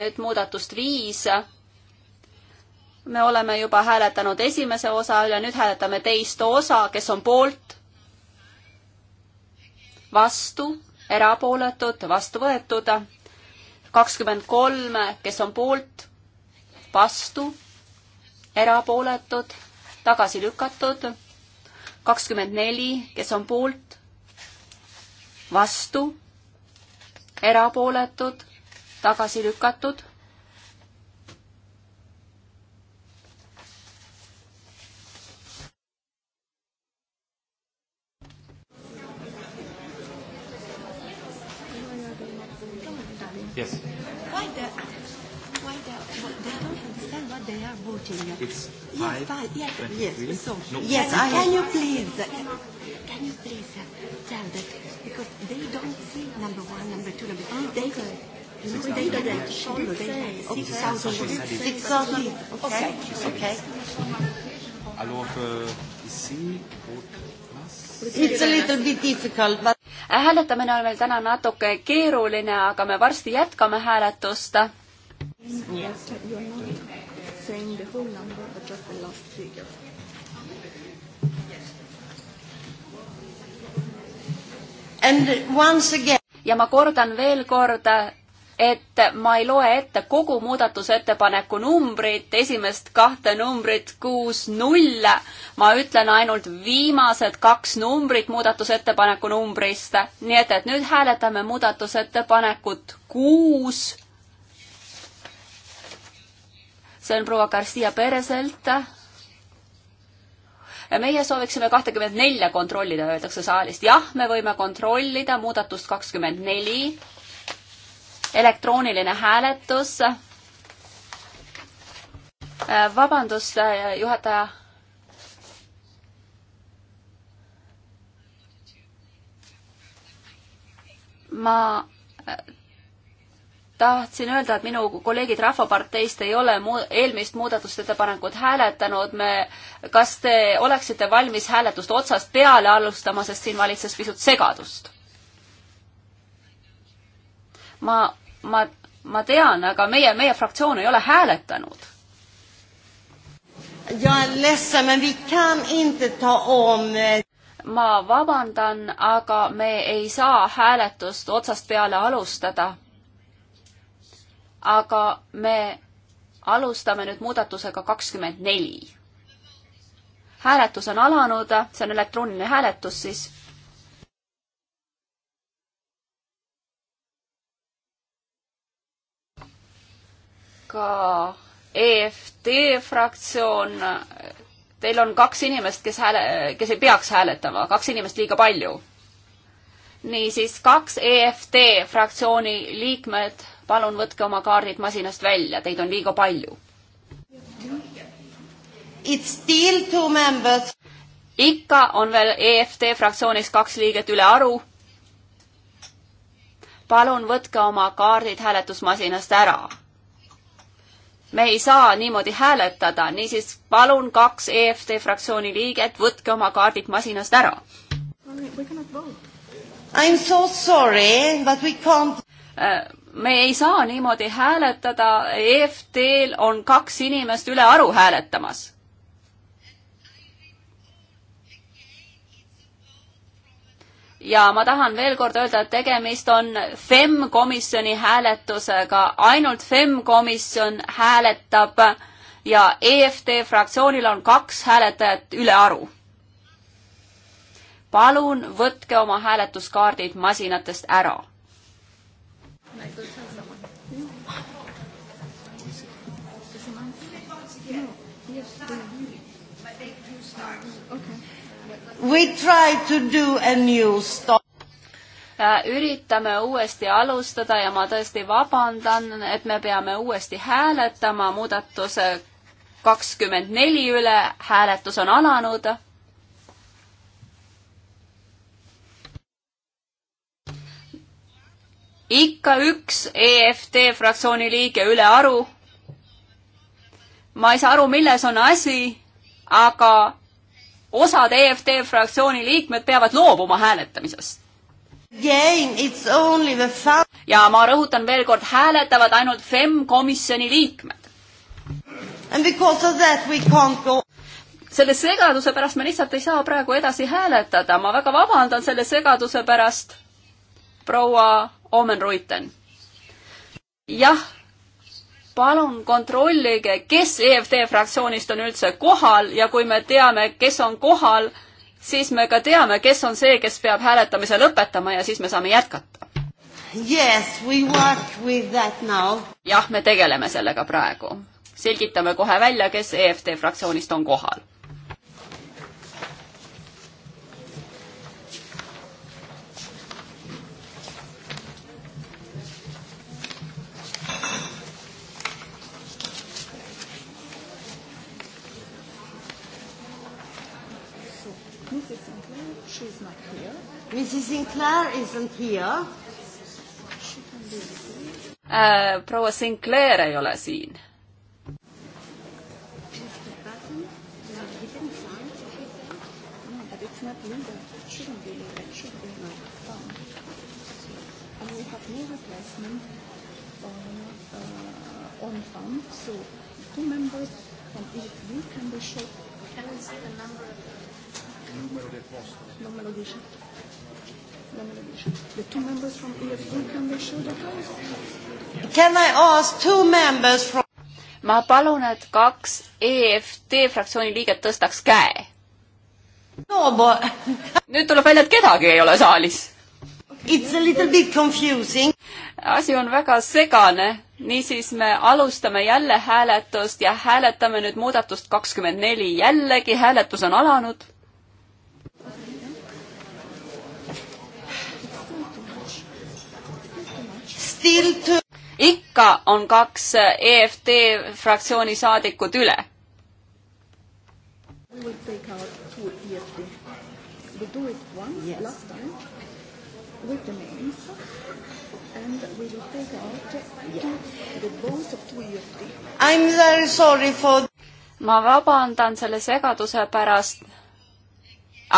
nüüd muudatust viis. me oleme juba hääletanud esimese osa üle, nüüd hääletame teist osa, kes on poolt, vastu, erapooletud, vastu võetud. kakskümmend kolm, kes on poolt, vastu, erapooletud, tagasi lükatud. kakskümmend neli, kes on poolt, vastu, erapooletud tagasi lükatud. Yes. Why the why the they don't understand what they are voting? It's yes, five, yes, yes, really? so, no, yes. No. Can you please? Can you please uh, uh, tell that because they don't see number one, number two, number three. They 6,000. Data there. Show the data. 6,000. Okay. Okay. Alors, euh, ici, It's a little bit difficult, but... hääletamine on meil täna natuke keeruline, aga me varsti jätkame hääletust. ja ma kordan veel kord, et ma ei loe ette kogu muudatusettepaneku numbrit, esimest kahte numbrit, kuus, null. ma ütlen ainult viimased kaks numbrit muudatusettepaneku numbrist. nii et, et nüüd hääletame muudatusettepanekut kuus. see on proua Garcia Pereselt. meie sooviksime kahtekümmet nelja kontrollida, öeldakse saalist. jah, me võime kontrollida muudatust kakskümmend neli elektrooniline hääletus. Äh, vabandust, äh, juhataja. ma äh, tahtsin öelda, et minu kolleegid Rahvaparteist ei ole mu eelmist muudatusettepanekut hääletanud, me, kas te oleksite valmis hääletust otsast peale alustama, sest siin valitses pisut segadust? ma ma, ma tean, aga meie, meie fraktsioon ei ole hääletanud. Eh, ma vabandan, aga me ei saa hääletust otsast peale alustada. aga me alustame nüüd muudatusega kakskümmend neli. hääletus on alanud, see on elektrooniline hääletus siis ka EFD fraktsioon. Teil on kaks inimest, kes hääle, kes ei peaks hääletama, kaks inimest liiga palju. niisiis, kaks EFD fraktsiooni liikmed, palun võtke oma kaardid masinast välja, teid on liiga palju. It's still two members. ikka on veel EFD fraktsioonist kaks liiget ülearu palun võtke oma kaardid hääletusmasinast ära me ei saa niimoodi hääletada, niisiis palun kaks EFT fraktsiooni liiget, võtke oma kaardid masinast ära. I am so sorry, but we can't äh, me ei saa niimoodi hääletada, EFT-l on kaks inimest ülearu hääletamas ja ma tahan veel kord öelda, et tegemist on FEM komisjoni hääletusega, ainult FEM komisjon hääletab ja EFT fraktsioonil on kaks hääletajat ülearu. palun võtke oma hääletuskaardid masinatest ära. We try to do a new stop äh, üritame uuesti alustada ja ma tõesti vabandan, et me peame uuesti hääletama muudatuse kakskümmend neli üle, hääletus on alanud. ikka üks EFT fraktsiooni liige ülearu. ma ei saa aru, milles on asi, aga osad EFT fraktsiooni liikmed peavad loobuma hääletamisest. ja ma rõhutan veel kord, hääletavad ainult FEM komisjoni liikmed. selle segaduse pärast me lihtsalt ei saa praegu edasi hääletada, ma väga vabandan selle segaduse pärast, proua Omen Ruiten. jah palun kontrollige, kes EFD fraktsioonist on üldse kohal ja kui me teame, kes on kohal, siis me ka teame, kes on see, kes peab hääletamise lõpetama ja siis me saame jätkata. Yes, we work with that now. jah, me tegeleme sellega praegu. selgitame kohe välja, kes EFD fraktsioonist on kohal Mrs Sinclair isn't here. Äh, proua Sinclair ei ole siin. we have no replacement on, uh, on fund, so two members from each view can be shot. Can we see the number? Numero di posto. Numero di posto. The two members from EFD, can they show the place? Can I ask two members from ma palun, et kaks EFD fraktsiooni liiget tõstaks käe. no ma nüüd tuleb välja, et kedagi ei ole saalis. It's a little bit confusing. asi on väga segane, niisiis me alustame jälle hääletust ja hääletame nüüd muudatust kakskümmend neli, jällegi hääletus on alanud to... ikka on kaks EFD fraktsiooni saadikut üle. With the names, and we will take out yeah. the votes of two EFD. I'm very sorry for ma vabandan selle segaduse pärast.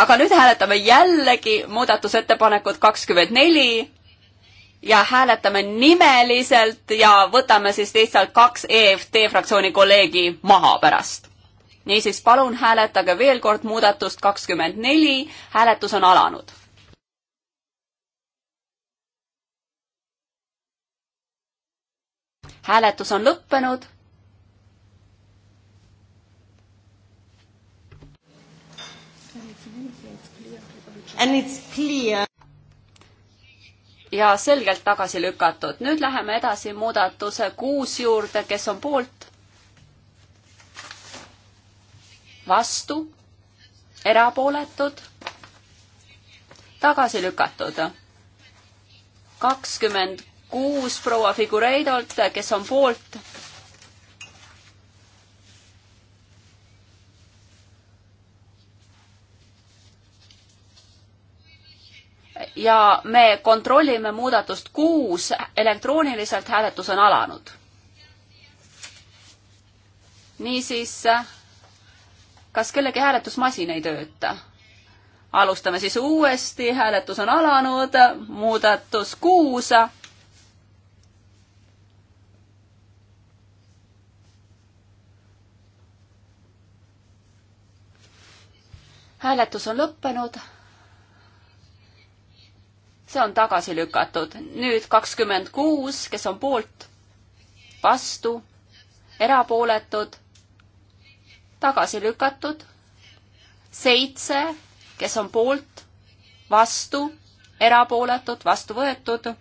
aga nüüd hääletame jällegi muudatusettepanekut kakskümmend neli ja hääletame nimeliselt ja võtame siis lihtsalt kaks EFT fraktsiooni kolleegi maha pärast. niisiis, palun hääletage veel kord muudatust kakskümmend neli, hääletus on alanud. hääletus on lõppenud. And it's clear ja selgelt tagasi lükatud. nüüd läheme edasi muudatuse kuus juurde, kes on poolt? vastu? erapooletud? tagasi lükatud. kakskümmend kuus proua Figureidolt, kes on poolt? ja me kontrollime muudatust kuus, elektrooniliselt hääletus on alanud. niisiis, kas kellegi hääletusmasin ei tööta? alustame siis uuesti, hääletus on alanud, muudatus kuus. hääletus on lõppenud see on tagasi lükatud. nüüd kakskümmend kuus, kes on poolt, vastu, erapooletud, tagasi lükatud. seitse, kes on poolt, vastu, erapooletud, vastu võetud.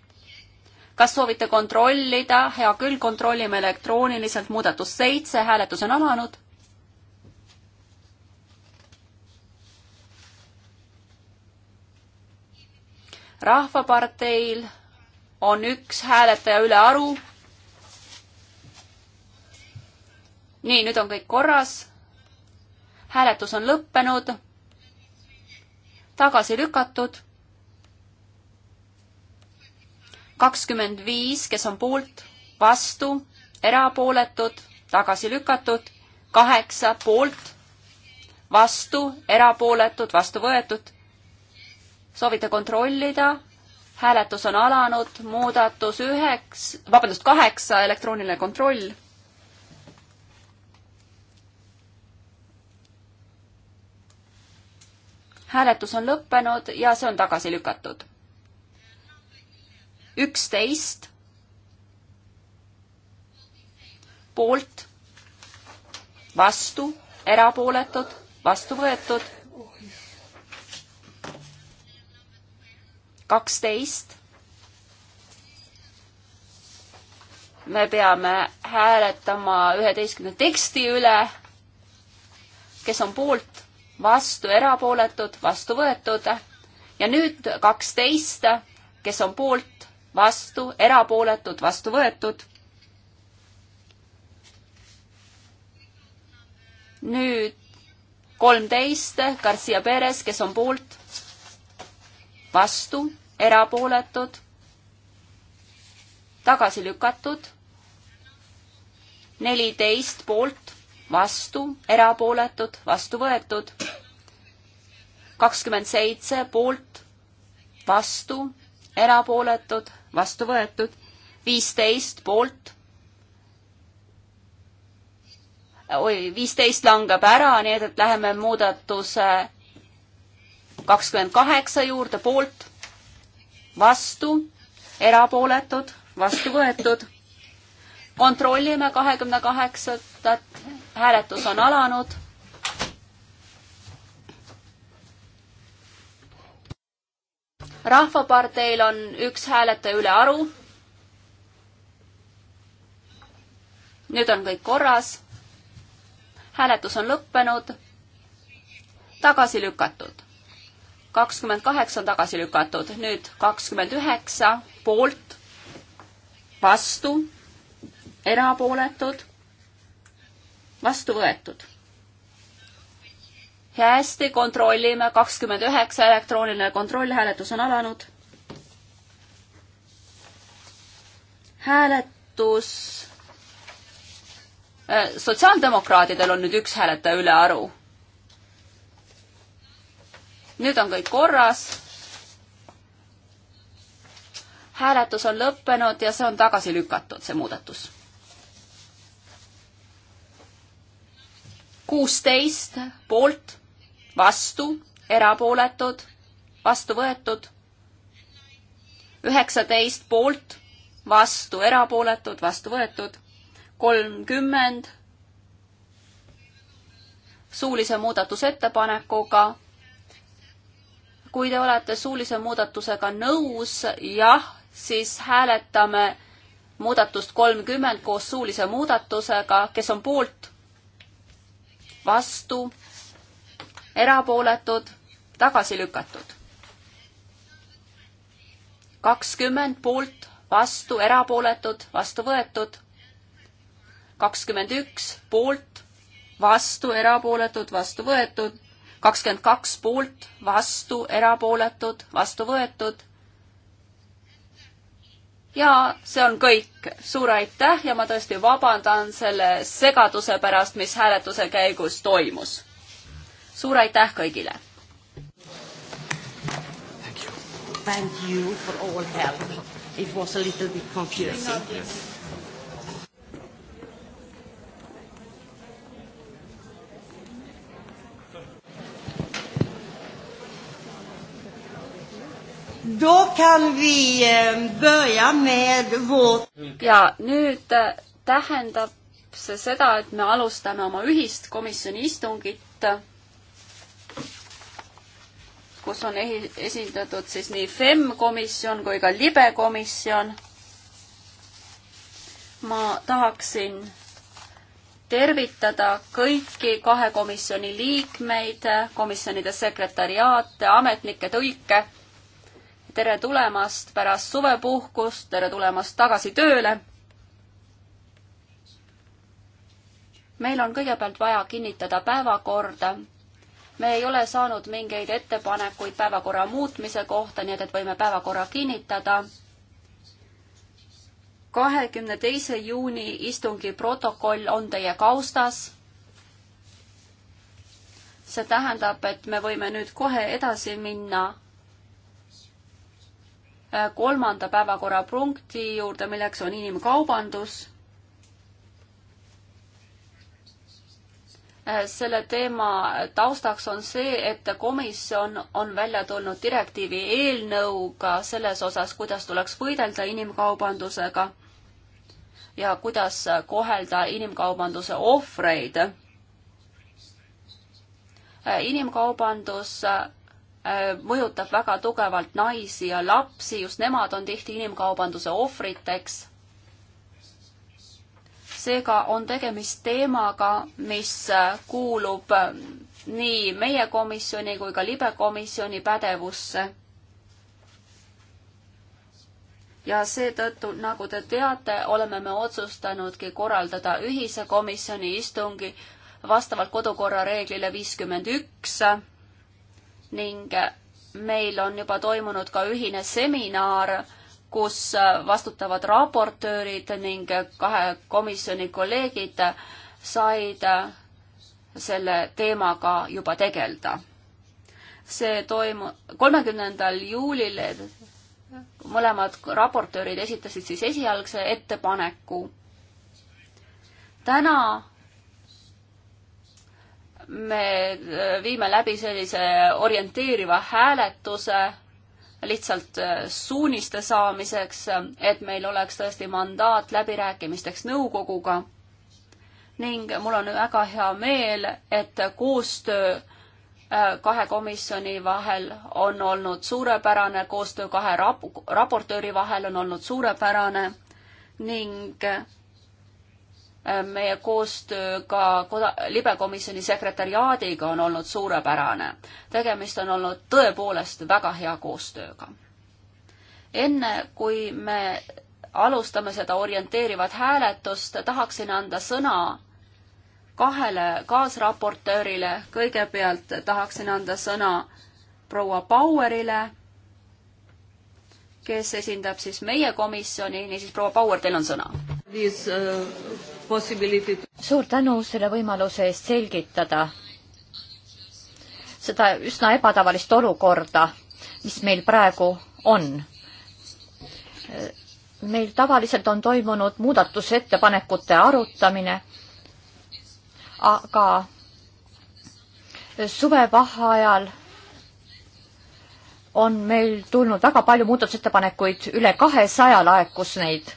kas soovite kontrollida? hea küll, kontrollime elektrooniliselt. muudatus seitse, hääletus on alanud rahvaparteil on üks hääletaja ülearu. nii, nüüd on kõik korras. hääletus on lõppenud, tagasi lükatud. kakskümmend viis, kes on poolt, vastu, erapooletud, tagasi lükatud, kaheksa poolt, vastu, erapooletud, vastu võetud soovite kontrollida? hääletus on alanud, muudatus üheks, vabandust, kaheksa, elektrooniline kontroll. hääletus on lõppenud ja see on tagasi lükatud. üksteist poolt, vastu, erapooletud, vastu võetud kaksteist. me peame hääletama üheteistkümne teksti üle. kes on poolt, vastu, erapooletud, vastu võetud. ja nüüd kaksteist, kes on poolt, vastu, erapooletud, vastu võetud. nüüd kolmteist, Garcia Perez, kes on poolt vastu, erapooletud, tagasi lükatud, neliteist poolt, vastu, erapooletud, vastu võetud, kakskümmend seitse poolt, vastu, erapooletud, vastu võetud, viisteist poolt oi, viisteist langeb ära, nii et, et läheme muudatuse kakskümmend kaheksa juurde poolt, vastu, erapooletud, vastu võetud. kontrollime kahekümne kaheksandat, hääletus on alanud. rahvaparteil on üks hääletaja ülearu. nüüd on kõik korras. hääletus on lõppenud, tagasi lükatud kakskümmend kaheksa on tagasi lükatud, nüüd kakskümmend üheksa poolt, vastu, erapooletud, vastu võetud. hästi, kontrollime, kakskümmend üheksa, elektrooniline kontrollhääletus on alanud. hääletus, äh, sotsiaaldemokraadidel on nüüd üks hääletaja ülearu nüüd on kõik korras. hääletus on lõppenud ja see on tagasi lükatud, see muudatus. kuusteist poolt, vastu, erapooletud, vastu võetud. üheksateist poolt, vastu, erapooletud, vastu võetud. kolmkümmend suulise muudatusettepanekuga kui te olete suulise muudatusega nõus, jah, siis hääletame muudatust kolmkümmend koos suulise muudatusega, kes on poolt, vastu, erapooletud, tagasi lükatud. kakskümmend poolt, vastu, erapooletud, vastu võetud. kakskümmend üks poolt, vastu, erapooletud, vastu võetud kakskümmend kaks poolt, vastu, erapooletud, vastu võetud. ja see on kõik. suur aitäh ja ma tõesti vabandan selle segaduse pärast, mis hääletuse käigus toimus. suur aitäh kõigile! Thank you for all help. It was a little bit confusing. Yes. Då kan vi eh, börja med vårt... ja nüüd eh, tähendab see seda, et me alustame oma ühist komisjoni istungit, kus on ehi-, esindatud siis nii FEM komisjon kui ka libe komisjon. ma tahaksin tervitada kõiki kahe komisjoni liikmeid, komisjonide sekretariaate, ametnikke, tõlke tere tulemast pärast suvepuhkust, tere tulemast tagasi tööle. meil on kõigepealt vaja kinnitada päevakorda. me ei ole saanud mingeid ettepanekuid päevakorra muutmise kohta, nii et, et võime päevakorra kinnitada. kahekümne teise juuni istungi protokoll on teie kaustas see tähendab, et me võime nüüd kohe edasi minna Äh, kolmanda päevakorrapunkti juurde, milleks on inimkaubandus. Äh, selle teema taustaks on see, et komisjon on välja tulnud direktiivi eelnõuga selles osas, kuidas tuleks võidelda inimkaubandusega ja kuidas kohelda inimkaubanduse ohvreid. Äh, inimkaubandus Äh, mõjutab väga tugevalt naisi ja lapsi, just nemad on tihti inimkaubanduse ohvriteks. seega on tegemist teemaga, mis äh, kuulub äh, nii meie komisjoni kui ka libekomisjoni pädevusse. ja seetõttu, nagu te teate, oleme me otsustanudki korraldada ühise komisjoni istungi vastavalt kodukorra reeglile viiskümmend üks ning meil on juba toimunud ka ühine seminar, kus vastutavad raportöörid ning kahe komisjoni kolleegid said selle teemaga juba tegeleda. see toimu-, kolmekümnendal juulil mõlemad raportöörid esitasid siis esialgse ettepaneku. täna me äh, viime läbi sellise orienteeriva hääletuse lihtsalt äh, suuniste saamiseks, et meil oleks tõesti mandaat läbirääkimisteks nõukoguga. ning mul on väga hea meel, et koostöö äh, kahe komisjoni vahel on olnud suurepärane, koostöö kahe rap-, raportööri vahel on olnud suurepärane ning Äh, meie koostöö ka koda-, libekomisjoni sekretäriaadiga on olnud suurepärane. tegemist on olnud tõepoolest väga hea koostööga. enne, kui me alustame seda orienteerivat hääletust, tahaksin anda sõna kahele kaasraportöörile, kõigepealt tahaksin anda sõna proua Bauerile, kes esindab siis meie komisjoni, niisiis proua Bauer, teil on sõna. These uh, possibility to... suur tänu selle võimaluse eest selgitada seda üsna ebatavalist olukorda, mis meil praegu on. meil tavaliselt on toimunud muudatusettepanekute arutamine, aga suvevaheajal on meil tulnud väga palju muudatusettepanekuid, üle kahesaja laekus neid.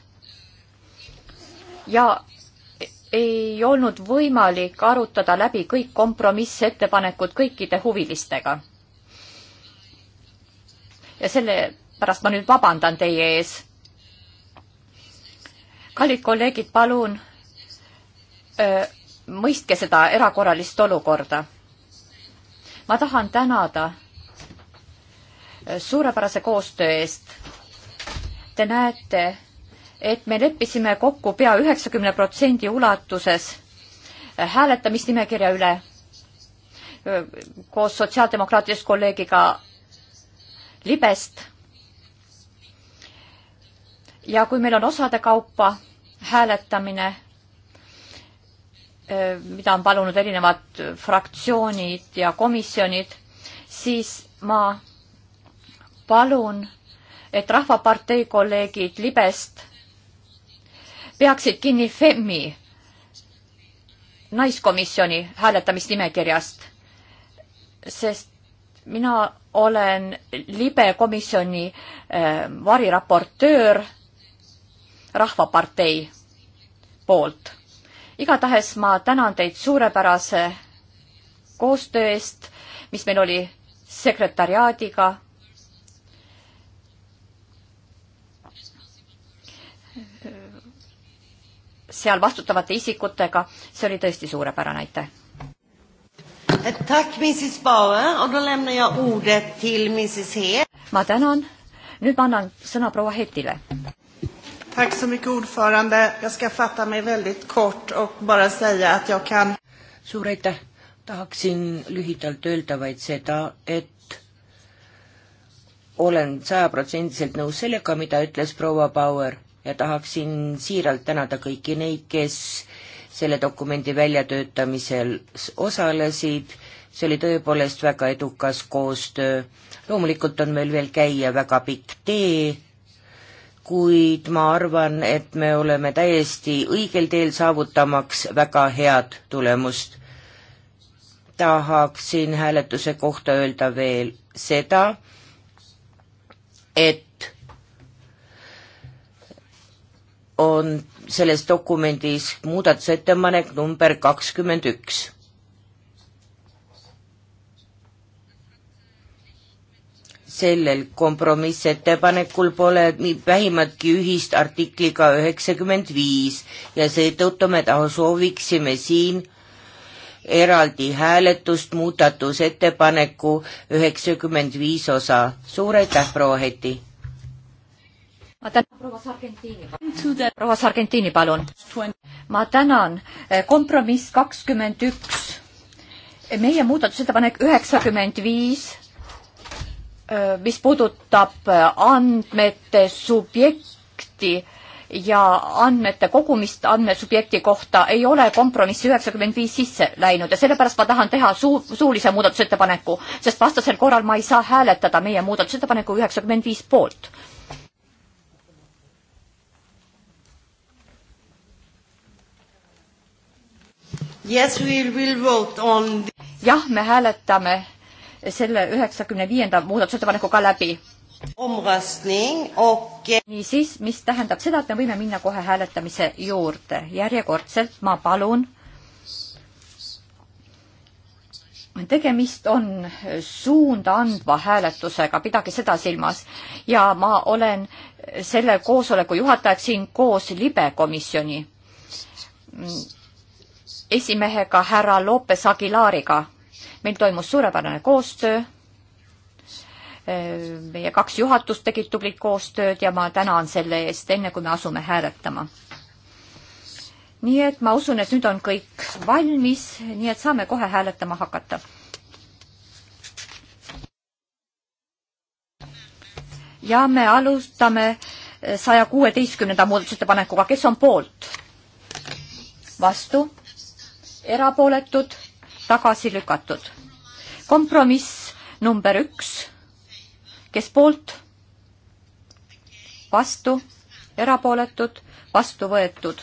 ja ei olnud võimalik arutada läbi kõik kompromissettepanekud kõikide huvilistega. ja sellepärast ma nüüd vabandan teie ees. kallid kolleegid, palun öö, mõistke seda erakorralist olukorda. ma tahan tänada suurepärase koostöö eest. Te näete, et me leppisime kokku pea üheksakümne protsendi ulatuses hääletamisnimekirja üle koos sotsiaaldemokraatidest kolleegiga libest. ja kui meil on osade kaupa hääletamine, mida on palunud erinevad fraktsioonid ja komisjonid, siis ma palun, et Rahvapartei kolleegid libest peaksid kinni FEMi naiskomisjoni hääletamisnimekirjast, sest mina olen libe komisjoni äh, variraportöör Rahvapartei poolt. igatahes ma tänan teid suurepärase koostöö eest, mis meil oli sekretariaadiga seal vastutavate isikutega, see oli tõesti suurepärane, aitäh! Eh, ma tänan, nüüd ma annan sõna proua Hetile. Tack så mycket ordförande. Jag ska fatta mig väldigt kort och bara säga att jag kan... Suur aitäh! Tahaksin lühidalt öelda vaid seda, et olen sajaprotsendiliselt nõus sellega, mida ütles proua Bauer ja tahaksin siiralt tänada kõiki neid, kes selle dokumendi väljatöötamisel osalesid, see oli tõepoolest väga edukas koostöö. loomulikult on meil veel käia väga pikk tee, kuid ma arvan, et me oleme täiesti õigel teel saavutamaks väga head tulemust. tahaksin hääletuse kohta öelda veel seda, et on selles dokumendis muudatusettepanek number kakskümmend üks. sellel kompromissettepanekul pole vähimatki ühist artikliga üheksakümmend viis ja seetõttu me taha sooviksime siin eraldi hääletust muudatusettepaneku üheksakümmend viis osa. suur aitäh, proua Heti! ma tänan proua Sargentini. proua Sargentini, palun. ma tänan. Eh, kompromiss kakskümmend üks. Eh, meie muudatusettepanek üheksakümmend viis, eh, mis puudutab andmete subjekti ja andmete kogumist andmesubjekti kohta ei ole kompromissi üheksakümmend viis sisse läinud ja sellepärast ma tahan teha suu-, suulise muudatusettepaneku, sest vastasel korral ma ei saa hääletada meie muudatusettepaneku üheksakümmend viis poolt Yes, on... jah, me hääletame selle üheksakümne viienda muudatusettepaneku ka läbi. Okay. niisiis, mis tähendab seda, et me võime minna kohe hääletamise juurde. järjekordselt ma palun tegemist on suunda andva hääletusega, pidage seda silmas. ja ma olen selle koosoleku juhatajaks siin koos libekomisjoni esimehega härra Lopes Aguilariga. meil toimus suurepärane koostöö. Äh, meie kaks juhatust tegid tublit koostööd ja ma tänan selle eest, enne kui me asume hääletama. nii et ma usun, et nüüd on kõik valmis, nii et saame kohe hääletama hakata. ja me alustame äh, saja kuueteistkümnenda muudatusettepanekuga, kes on poolt? vastu erapooletud, tagasi lükatud. kompromiss number üks, kes poolt, vastu, erapooletud, vastu võetud.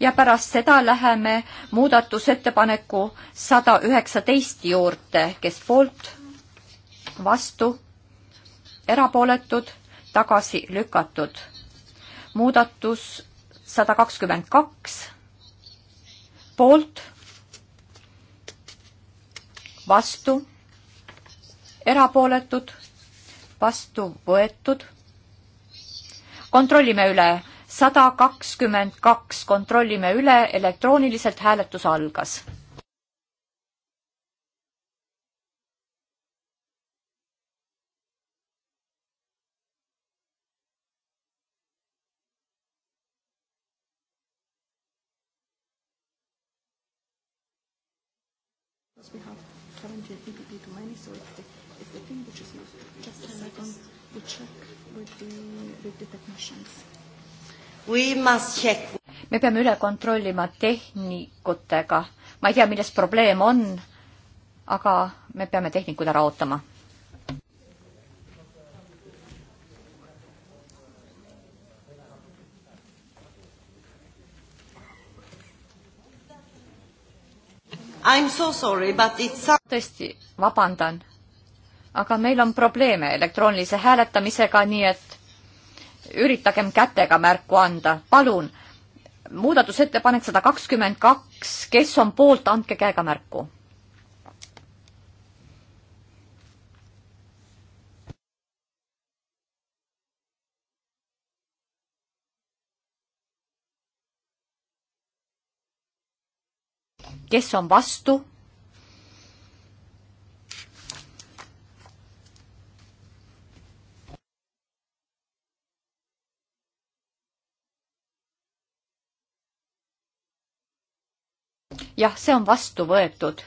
ja pärast seda läheme muudatusettepaneku sada üheksateist juurde, kes poolt, vastu, erapooletud, tagasi lükatud. muudatus sada kakskümmend kaks poolt, vastu, erapooletud, vastu võetud. kontrollime üle, sada kakskümmend kaks, kontrollime üle, elektrooniliselt hääletus algas we have currently PPP too many, so if the, if the thing which is used just a second, we check with the, with the technicians. We must check. me peame üle kontrollima tehnikutega. ma ei tea, milles probleem on, aga me peame tehnikud ära ootama I am so sorry, but it's tõesti, vabandan. aga meil on probleeme elektroonilise hääletamisega, nii et üritagem kätega märku anda. palun, muudatusettepanek sada kakskümmend kaks, kes on poolt, andke käega märku kes on vastu? jah, see on vastu võetud.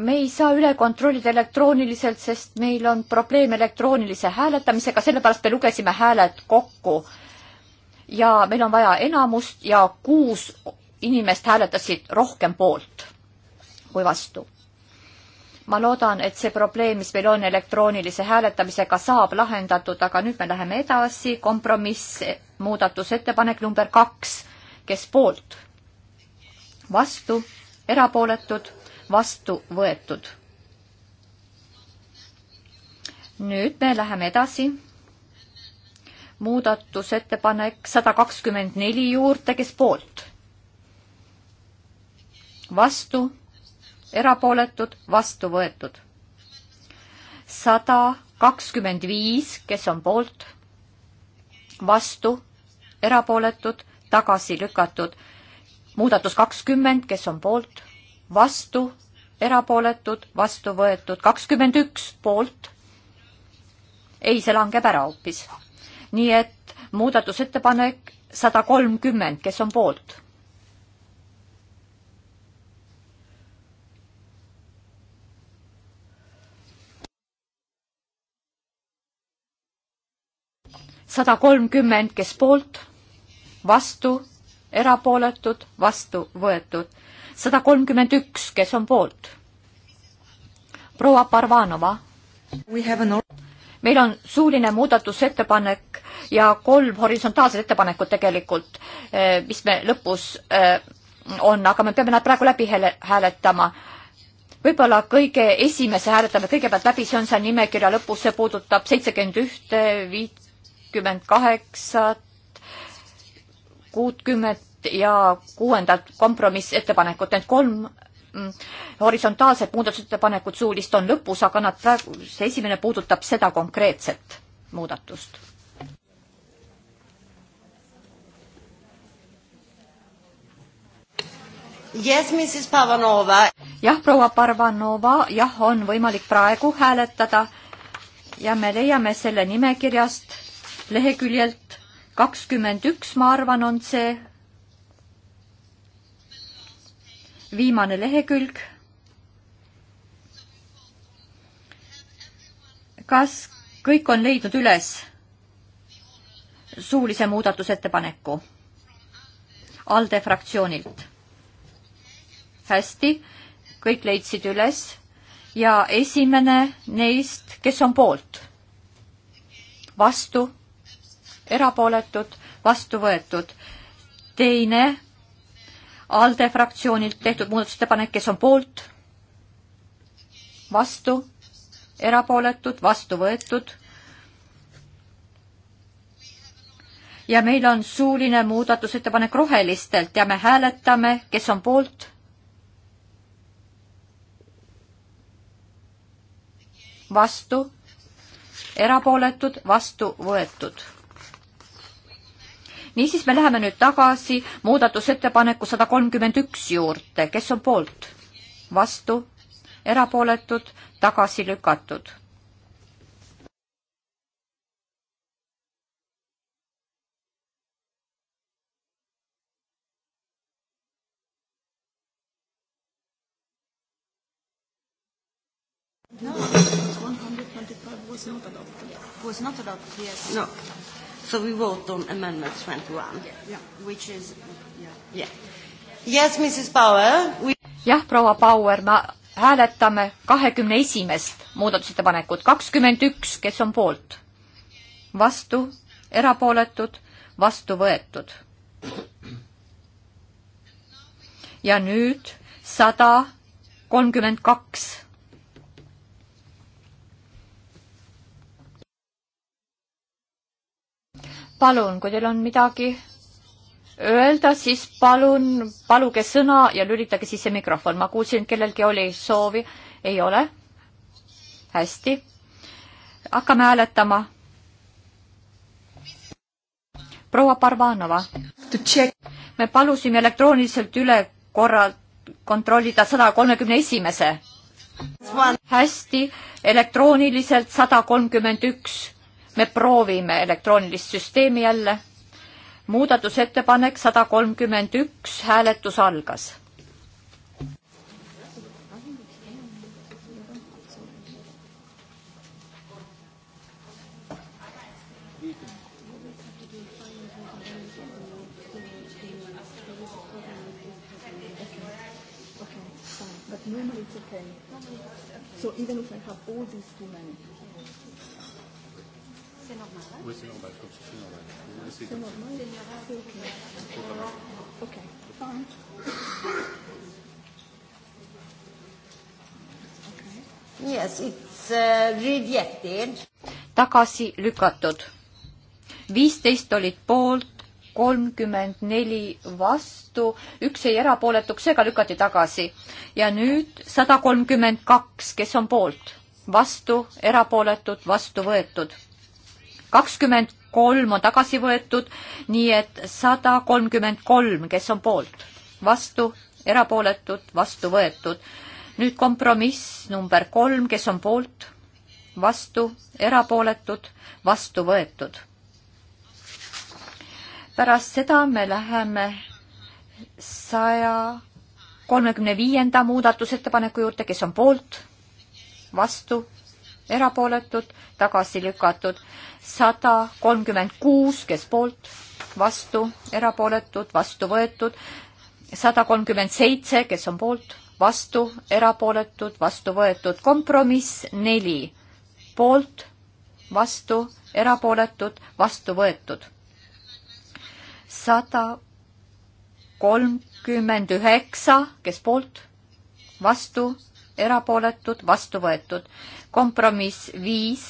me ei saa üle kontrollida elektrooniliselt, sest meil on probleem elektroonilise hääletamisega, sellepärast me lugesime hääled kokku ja meil on vaja enamust ja kuus inimest hääletasid rohkem poolt kui vastu. ma loodan, et see probleem, mis meil on elektroonilise hääletamisega, saab lahendatud, aga nüüd me läheme edasi, kompromiss, muudatusettepanek number kaks, kes poolt? vastu, erapooletud, vastu võetud. nüüd me läheme edasi muudatusettepanek sada kakskümmend neli juurde, kes poolt? vastu, erapooletud, vastu võetud. sada kakskümmend viis, kes on poolt, vastu, erapooletud, tagasi lükatud. muudatus kakskümmend, kes on poolt, vastu, erapooletud, vastu võetud, kakskümmend üks poolt. ei, see langeb ära hoopis nii et muudatusettepanek sada kolmkümmend, kes on poolt? sada kolmkümmend, kes poolt, vastu, erapooletud, vastu võetud. sada kolmkümmend üks, kes on poolt? proua Parvanova meil on suuline muudatusettepanek ja kolm horisontaalset ettepanekut tegelikult, eh, mis me lõpus eh, on, aga me peame nad praegu läbi hääletama. võib-olla kõige esimese hääletame kõigepealt läbi, see on seal nimekirja lõpus, see puudutab seitsekümmend ühte, viitkümmend kaheksat, kuutkümmet ja kuuendat kompromissettepanekut, need kolm Mm. horisontaalsed muudatusettepanekud suulist on lõpus, aga nad praegu, see esimene puudutab seda konkreetset muudatust. Yes, Mrs Pavanova. jah, proua Parvanova, jah, on võimalik praegu hääletada ja me leiame selle nimekirjast leheküljelt kakskümmend üks, ma arvan, on see viimane lehekülg. kas kõik on leidnud üles suulise muudatusettepaneku ALDE fraktsioonilt? hästi, kõik leidsid üles ja esimene neist, kes on poolt, vastu, erapooletud, vastu võetud. teine ALDE fraktsioonilt tehtud muudatusettepanek, kes on poolt, vastu, erapooletud, vastu võetud. ja meil on suuline muudatusettepanek rohelistelt ja me hääletame, kes on poolt, vastu, erapooletud, vastu võetud niisiis, me läheme nüüd tagasi muudatusettepaneku sada kolmkümmend üks juurde, kes on poolt, vastu, erapooletud, tagasi lükatud. No, 125 was not adopted. Was not adopted, yes. No. So we vote on Amendment 21. Yeah, yeah. Which is, yeah. Yeah. Yes, Mrs Power we.... jah, proua Power, ma hääletame kahekümne esimest muudatusettepanekut, kakskümmend üks, kes on poolt? vastu, erapooletud, vastu võetud. ja nüüd sada kolmkümmend kaks palun, kui teil on midagi öelda, siis palun paluge sõna ja lülitage sisse mikrofon. ma kuulsin, kellelgi oli soovi. ei ole? hästi. hakkame hääletama. proua Barbanova. me palusime elektrooniliselt üle korra kontrollida sada kolmekümne esimese. hästi, elektrooniliselt sada kolmkümmend üks me proovime elektroonilist süsteemi jälle. muudatusettepanek sada kolmkümmend üks, hääletus algas. Normally it's okay. So even if I have all these too many. C'est normal. Hein? Oui, c'est normal, comme ça, c'est normal. Ah, c'est normal. C'est ok. C'est normal. Ok. Fine. Okay. Yes, it's uh, rejected. tagasi lükatud. viisteist olid poolt, kolmkümmend neli vastu, üks jäi erapooletuks, seega lükati tagasi. ja nüüd sada kolmkümmend kaks, kes on poolt, vastu, erapooletud, vastu võetud kakskümmend kolm on tagasi võetud, nii et sada kolmkümmend kolm, kes on poolt, vastu, erapooletud, vastu võetud. nüüd kompromiss number kolm, kes on poolt, vastu, erapooletud, vastu võetud. pärast seda me läheme saja kolmekümne viienda muudatusettepaneku juurde, kes on poolt, vastu erapooletud, tagasi lükatud. sada kolmkümmend kuus, kes poolt, vastu, erapooletud, vastu võetud. sada kolmkümmend seitse, kes on poolt, vastu, erapooletud, vastu võetud. kompromiss neli, poolt, vastu, erapooletud, vastu võetud. sada kolmkümmend üheksa, kes poolt, vastu, erapooletud, vastu võetud kompromiss viis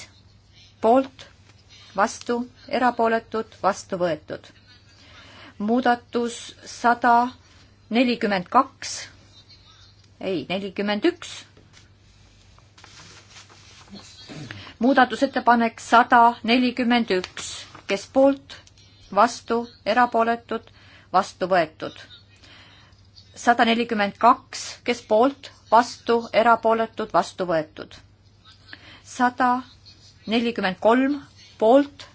poolt, vastu, erapooletud, vastu võetud. muudatus sada nelikümmend kaks, ei, nelikümmend üks. muudatusettepanek sada nelikümmend üks, kes poolt, vastu, erapooletud, vastu võetud. sada nelikümmend kaks, kes poolt, vastu, erapooletud, vastu võetud sada nelikümmend kolm poolt,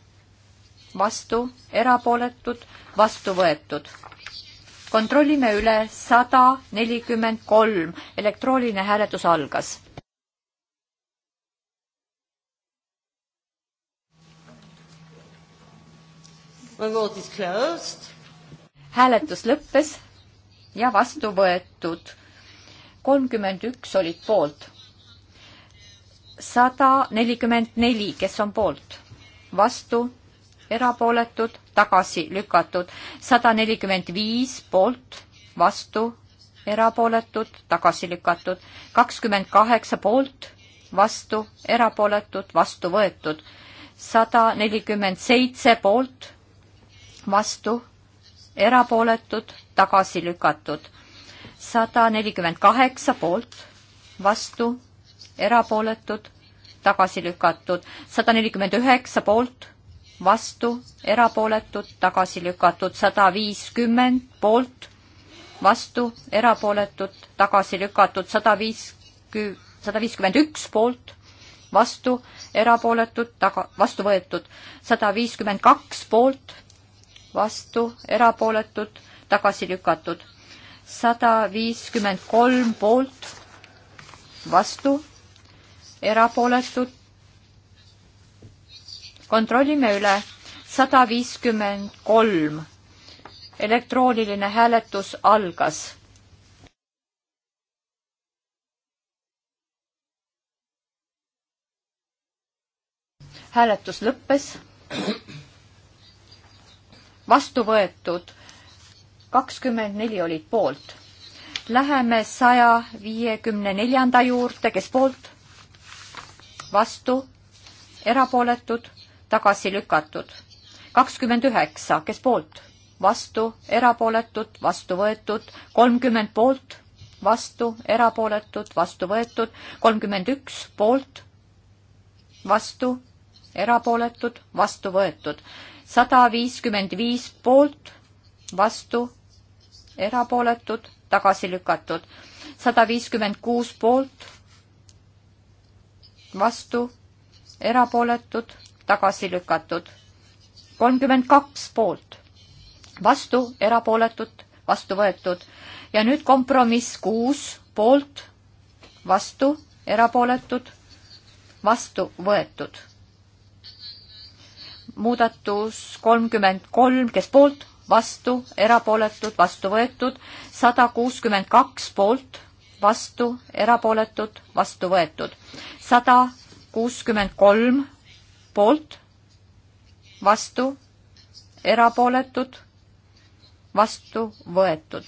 vastu, erapooletud, vastu võetud. kontrollime üle, sada nelikümmend kolm, elektrooniline hääletus algas. hääletus lõppes ja vastu võetud. kolmkümmend üks olid poolt sada nelikümmend neli, kes on poolt, vastu, erapooletud, tagasi lükatud, sada nelikümmend viis poolt, vastu, erapooletud, tagasi lükatud, kakskümmend kaheksa poolt, vastu, erapooletud, vastu võetud, sada nelikümmend seitse poolt, vastu, erapooletud, tagasi lükatud, sada nelikümmend kaheksa poolt, vastu, erapooletud, tagasi lükatud. sada nelikümmend üheksa poolt, vastu, erapooletud, tagasi lükatud. sada viiskümmend poolt, vastu, erapooletud, tagasi lükatud. sada viiskü-, sada viiskümmend üks poolt, vastu, erapooletud, taga, vastu võetud. sada viiskümmend kaks poolt, vastu, erapooletud, tagasi lükatud. sada viiskümmend kolm poolt, vastu erapooletud. kontrollime üle. sada viiskümmend kolm. elektrooniline hääletus algas. hääletus lõppes. vastu võetud kakskümmend neli olid poolt. Läheme saja viiekümne neljanda juurde, kes poolt? vastu, erapooletud, tagasi lükatud. kakskümmend üheksa, kes poolt, vastu, erapooletud, vastu võetud, kolmkümmend poolt, vastu, erapooletud, vastu võetud, kolmkümmend üks poolt, vastu, erapooletud, vastu võetud, sada viiskümmend viis poolt, vastu, erapooletud, tagasi lükatud, sada viiskümmend kuus poolt, vastu, erapooletud, tagasi lükatud. kolmkümmend kaks poolt, vastu, erapooletud, vastu võetud. ja nüüd kompromiss kuus poolt, vastu, erapooletud, vastu võetud. muudatus kolmkümmend kolm, kes poolt, vastu, erapooletud, vastu võetud, sada kuuskümmend kaks poolt vastu, erapooletud, vastu võetud. sada kuuskümmend kolm poolt, vastu, erapooletud, vastu võetud.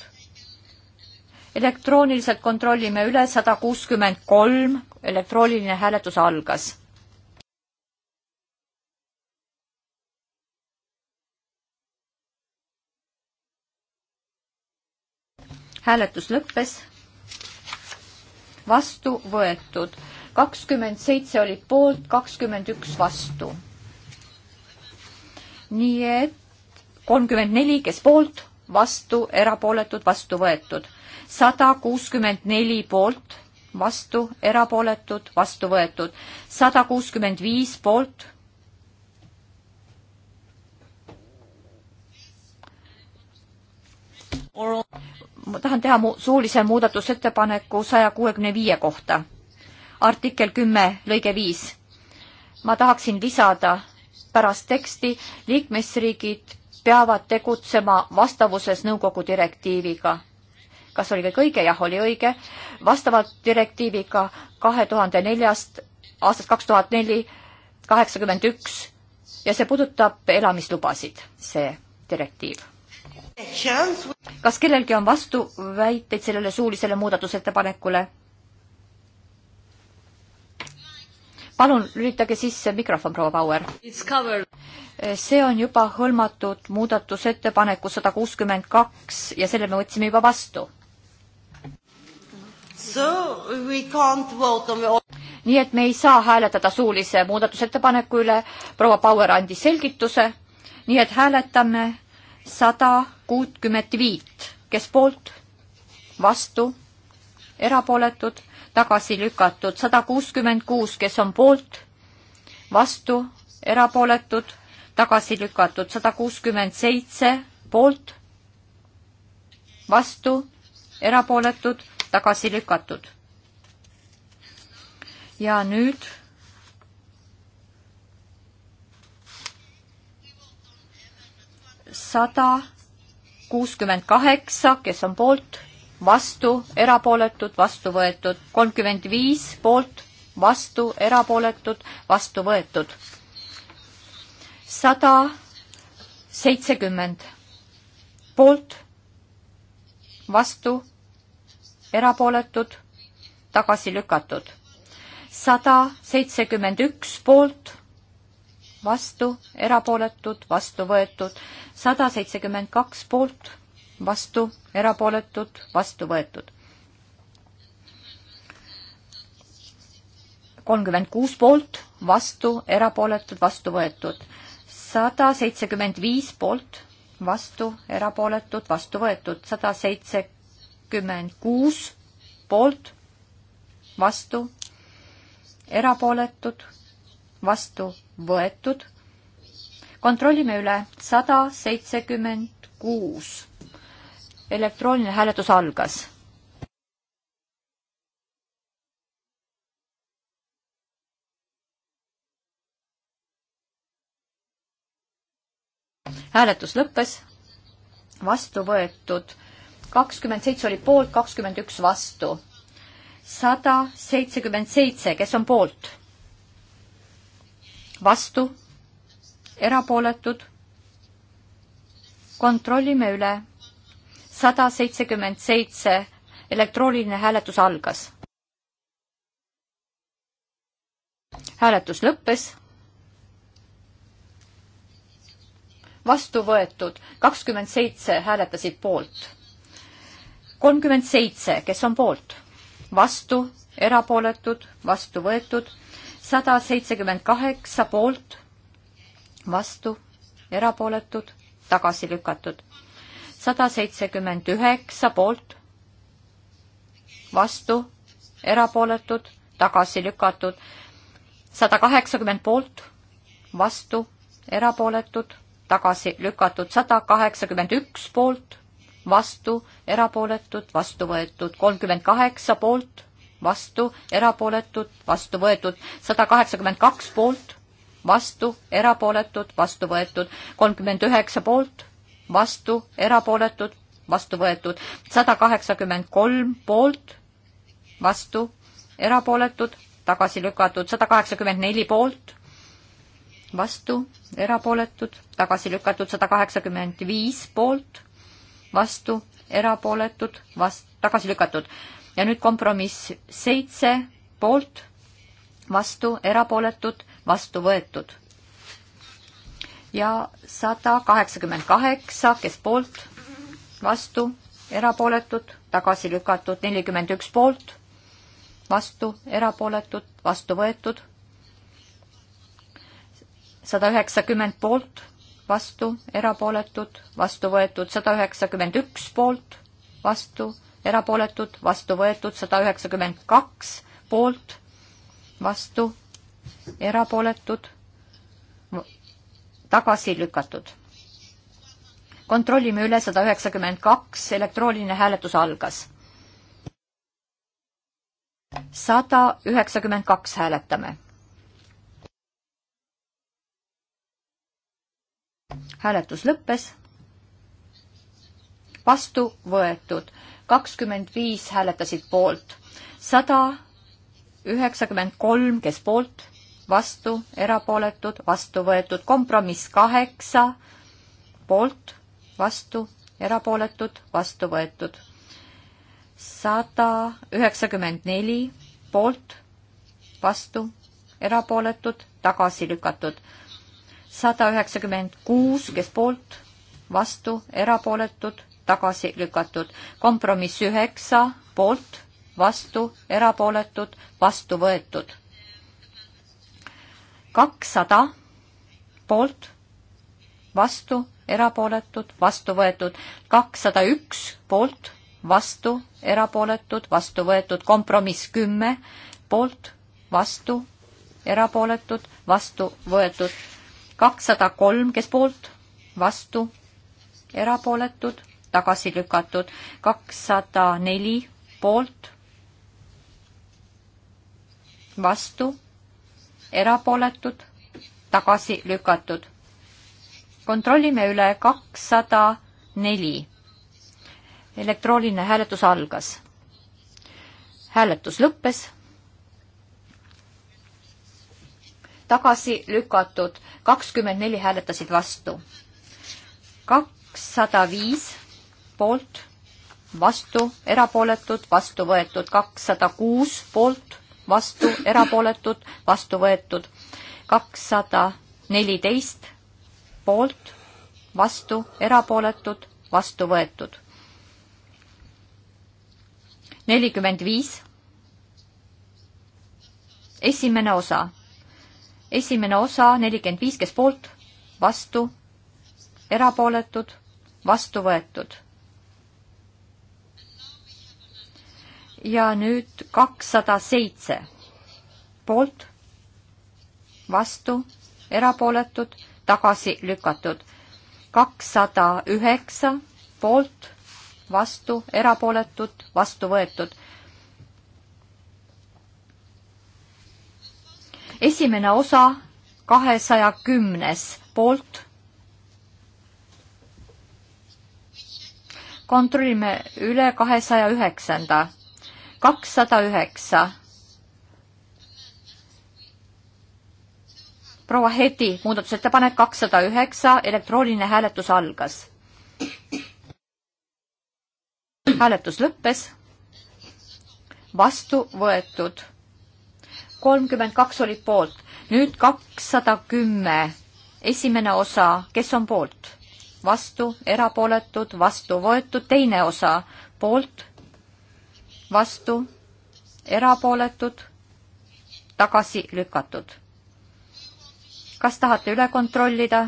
elektrooniliselt kontrollime üle, sada kuuskümmend kolm, elektrooniline hääletus algas. hääletus lõppes vastu võetud. kakskümmend seitse olid poolt, kakskümmend üks vastu. nii et kolmkümmend neli, kes poolt, vastu, erapooletud, vastu võetud. sada kuuskümmend neli poolt, vastu, erapooletud, vastu võetud. sada kuuskümmend viis poolt ma tahan teha mu suulise muudatusettepaneku saja kuuekümne viie kohta. artikkel kümme lõige viis. ma tahaksin lisada pärast teksti liikmesriigid peavad tegutsema vastavuses nõukogu direktiiviga. kas oli kõik õige? jah, oli õige. vastavalt direktiiviga kahe tuhande neljast aastast kaks tuhat neli kaheksakümmend üks ja see puudutab elamislubasid, see direktiiv kas kellelgi on vastuväiteid sellele suulisele muudatusettepanekule? palun lülitage sisse mikrofon, proua Bauer. see on juba hõlmatud muudatusettepaneku sada kuuskümmend kaks ja selle me võtsime juba vastu. nii et me ei saa hääletada suulise muudatusettepaneku üle, proua Bauer andis selgituse, nii et hääletame sada kuutkümmend viit, kes poolt, vastu, erapooletud, tagasi lükatud, sada kuuskümmend kuus, kes on poolt, vastu, erapooletud, tagasi lükatud, sada kuuskümmend seitse poolt, vastu, erapooletud, tagasi lükatud. ja nüüd sada kuuskümmend kaheksa, kes on poolt, vastu, erapooletud, vastu võetud, kolmkümmend viis poolt, vastu, erapooletud, vastu võetud. sada seitsekümmend poolt, vastu, erapooletud, tagasi lükatud. sada seitsekümmend üks poolt vastu, erapooletud, vastu võetud, sada seitsekümmend kaks poolt, vastu, erapooletud, vastu võetud. kolmkümmend kuus poolt, vastu, erapooletud, vastu võetud, sada seitsekümmend viis poolt, vastu, erapooletud, vastu võetud, sada seitsekümmend kuus poolt, vastu, erapooletud, vastu võetud. kontrollime üle, sada seitsekümmend kuus. elektrooniline hääletus algas. hääletus lõppes, vastu võetud, kakskümmend seitse oli poolt, kakskümmend üks vastu. sada seitsekümmend seitse, kes on poolt? vastu, erapooletud. kontrollime üle. sada seitsekümmend seitse elektrooniline hääletus algas. hääletus lõppes. vastu võetud kakskümmend seitse hääletasid poolt. kolmkümmend seitse, kes on poolt, vastu, erapooletud, vastu võetud sada seitsekümmend kaheksa poolt, vastu, erapooletud, tagasi lükatud. sada seitsekümmend üheksa poolt, vastu, erapooletud, tagasi lükatud. sada kaheksakümmend poolt, vastu, erapooletud, tagasi lükatud. sada kaheksakümmend üks poolt, vastu, erapooletud, vastu võetud. kolmkümmend kaheksa poolt vastu, erapooletud, vastu võetud, sada kaheksakümmend kaks poolt, vastu, erapooletud, vastu võetud, kolmkümmend üheksa poolt, vastu, erapooletud, vastu võetud, sada kaheksakümmend kolm poolt, vastu, erapooletud, tagasi lükatud, sada kaheksakümmend neli poolt, vastu, erapooletud, tagasi lükatud, sada kaheksakümmend viis poolt, vastu, erapooletud, vast-, tagasi lükatud ja nüüd kompromiss seitse poolt, vastu, erapooletud, vastu võetud. ja sada kaheksakümmend kaheksa, kes poolt, vastu, erapooletud, tagasi lükatud, nelikümmend üks poolt, vastu, erapooletud, vastu võetud, sada üheksakümmend poolt, vastu, erapooletud, vastu võetud, sada üheksakümmend üks poolt, vastu, erapooletud, vastu võetud sada üheksakümmend kaks poolt, vastu, erapooletud, tagasi lükatud. kontrollime üle sada üheksakümmend kaks, elektrooniline hääletus algas. sada üheksakümmend kaks hääletame. hääletus lõppes vastu võetud kakskümmend viis hääletasid poolt, sada üheksakümmend kolm, kes poolt, vastu, erapooletud, vastu võetud, kompromiss kaheksa, poolt, vastu, erapooletud, vastu võetud. sada üheksakümmend neli, poolt, vastu, erapooletud, tagasi lükatud. sada üheksakümmend kuus, kes poolt, vastu, erapooletud, tagasi lükatud. kompromiss üheksa poolt, vastu, erapooletud, vastu võetud. kakssada poolt, vastu, erapooletud, vastu võetud. kakssada üks poolt, vastu, erapooletud, vastu võetud. kompromiss kümme poolt, vastu, erapooletud, vastu võetud. kakssada kolm, kes poolt, vastu, erapooletud, tagasi lükatud, kakssada neli poolt, vastu, erapooletud, tagasi lükatud. kontrollime üle kakssada neli. elektrooniline hääletus algas. hääletus lõppes. tagasi lükatud, kakskümmend neli hääletasid vastu. kakssada viis poolt, vastu, erapooletud, vastu võetud, kakssada kuus poolt, vastu, erapooletud, vastu võetud, kakssada neliteist poolt, vastu, erapooletud, vastu võetud. nelikümmend viis. esimene osa, esimene osa nelikümmend viis, kes poolt, vastu, erapooletud, vastu võetud ja nüüd kakssada seitse poolt, vastu, erapooletud, tagasi lükatud. kakssada üheksa poolt, vastu, erapooletud, vastu võetud. esimene osa kahesaja kümnes poolt. kontrollime üle kahesaja üheksanda kakssada üheksa. proua Hedi, muudatusettepanek kakssada üheksa, elektrooniline hääletus algas. hääletus lõppes. vastu võetud. kolmkümmend kaks olid poolt, nüüd kakssada kümme. esimene osa, kes on poolt? vastu, erapooletud, vastu võetud, teine osa poolt vastu, erapooletud, tagasi lükatud. kas tahate üle kontrollida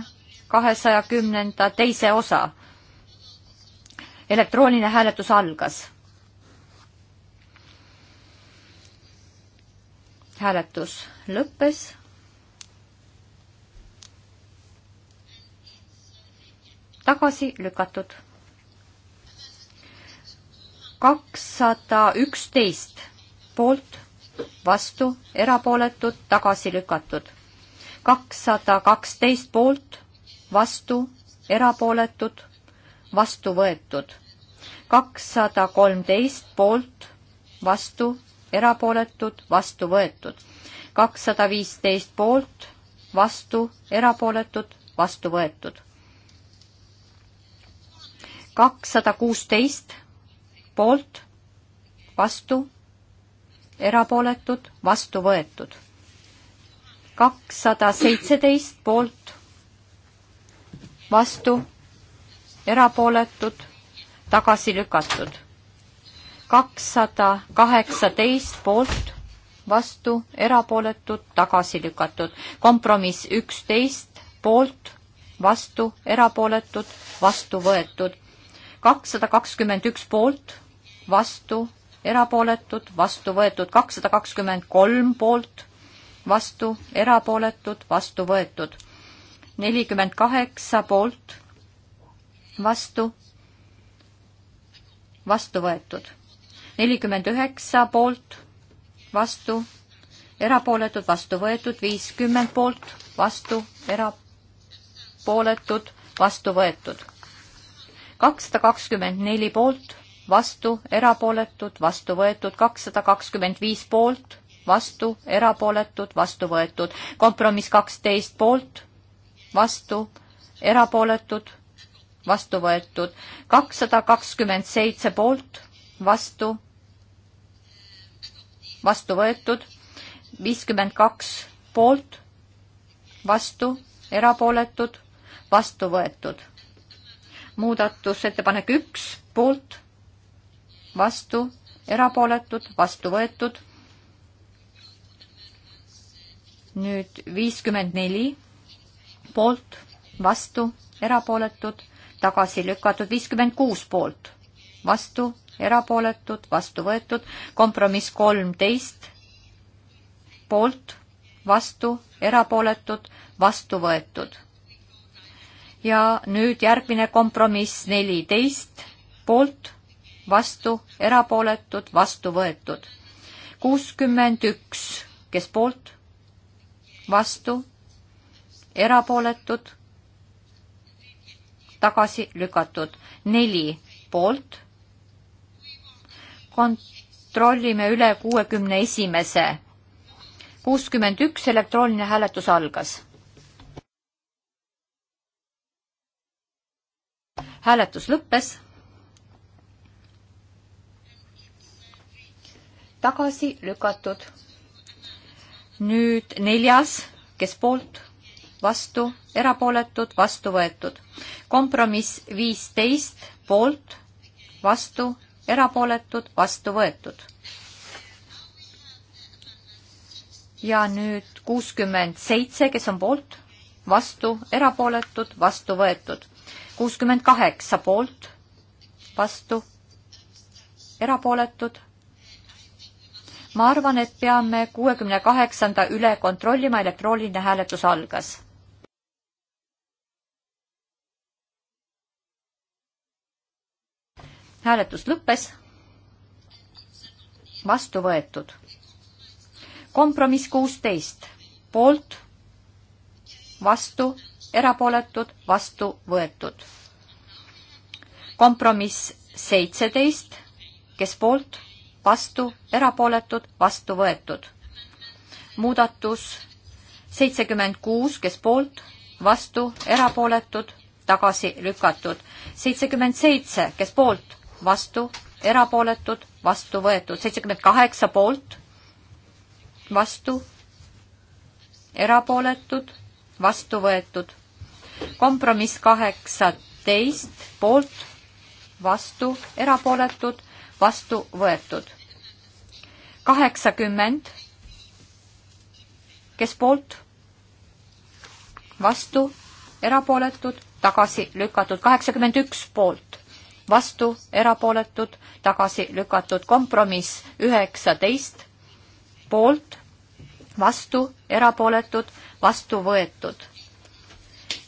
kahesaja kümnenda teise osa? elektrooniline hääletus algas. hääletus lõppes tagasi lükatud kakssada üksteist poolt, vastu, erapooletud, tagasi lükatud. kakssada kaksteist poolt, vastu, erapooletud, vastu võetud. kakssada kolmteist poolt, vastu, erapooletud, vastu võetud. kakssada viisteist poolt, vastu, erapooletud, vastu võetud. kakssada kuusteist poolt, vastu, erapooletud, vastu võetud. kakssada seitseteist poolt, vastu, erapooletud, tagasi lükatud. kakssada kaheksateist poolt, vastu, erapooletud, tagasi lükatud. kompromiss üksteist poolt, vastu, erapooletud, vastu võetud. kakssada kakskümmend üks poolt vastu, erapooletud, vastu võetud kakssada kakskümmend kolm poolt, vastu, erapooletud, vastu võetud nelikümmend kaheksa poolt, vastu, vastu võetud nelikümmend üheksa poolt, vastu, erapooletud, vastu võetud viiskümmend poolt, vastu, erapooletud, vastu võetud kakssada kakskümmend neli poolt vastu, erapooletud, vastu võetud, kakssada kakskümmend viis poolt, vastu, erapooletud, vastu võetud, kompromiss kaksteist poolt, vastu, erapooletud, vastu võetud, kakssada kakskümmend seitse poolt, vastu, vastu võetud, viiskümmend kaks poolt, vastu, erapooletud, vastu võetud. muudatusettepanek üks poolt vastu, erapooletud, vastu võetud. nüüd viiskümmend neli poolt, vastu, erapooletud, tagasi lükatud, viiskümmend kuus poolt, vastu, erapooletud, vastu võetud, kompromiss kolmteist poolt, vastu, erapooletud, vastu võetud. ja nüüd järgmine kompromiss neliteist poolt vastu, erapooletud, vastu võetud. kuuskümmend üks, kes poolt, vastu, erapooletud, tagasi lükatud. neli poolt. kontrollime üle kuuekümne esimese. kuuskümmend üks elektrooniline hääletus algas. hääletus lõppes tagasi lükatud. nüüd neljas, kes poolt, vastu, erapooletud, vastu võetud. kompromiss viisteist, poolt, vastu, erapooletud, vastu võetud. ja nüüd kuuskümmend seitse, kes on poolt, vastu, erapooletud, vastu võetud. kuuskümmend kaheksa poolt, vastu, erapooletud ma arvan, et peame kuuekümne kaheksanda üle kontrollima, elektrooniline hääletus algas. hääletus lõppes. vastu võetud. kompromiss kuusteist, poolt, vastu, erapooletud, vastu võetud. kompromiss seitseteist, kes poolt vastu, erapooletud, vastu võetud. muudatus seitsekümmend kuus, kes poolt, vastu, erapooletud, tagasi lükatud. seitsekümmend seitse, kes poolt, vastu, erapooletud, vastu võetud. seitsekümmend kaheksa poolt, vastu, erapooletud, vastu võetud. kompromiss kaheksateist poolt, vastu, erapooletud, vastu võetud. kaheksakümmend, kes poolt, vastu, erapooletud, tagasi lükatud, kaheksakümmend üks poolt, vastu, erapooletud, tagasi lükatud, kompromiss üheksateist, poolt, vastu, erapooletud, vastu võetud.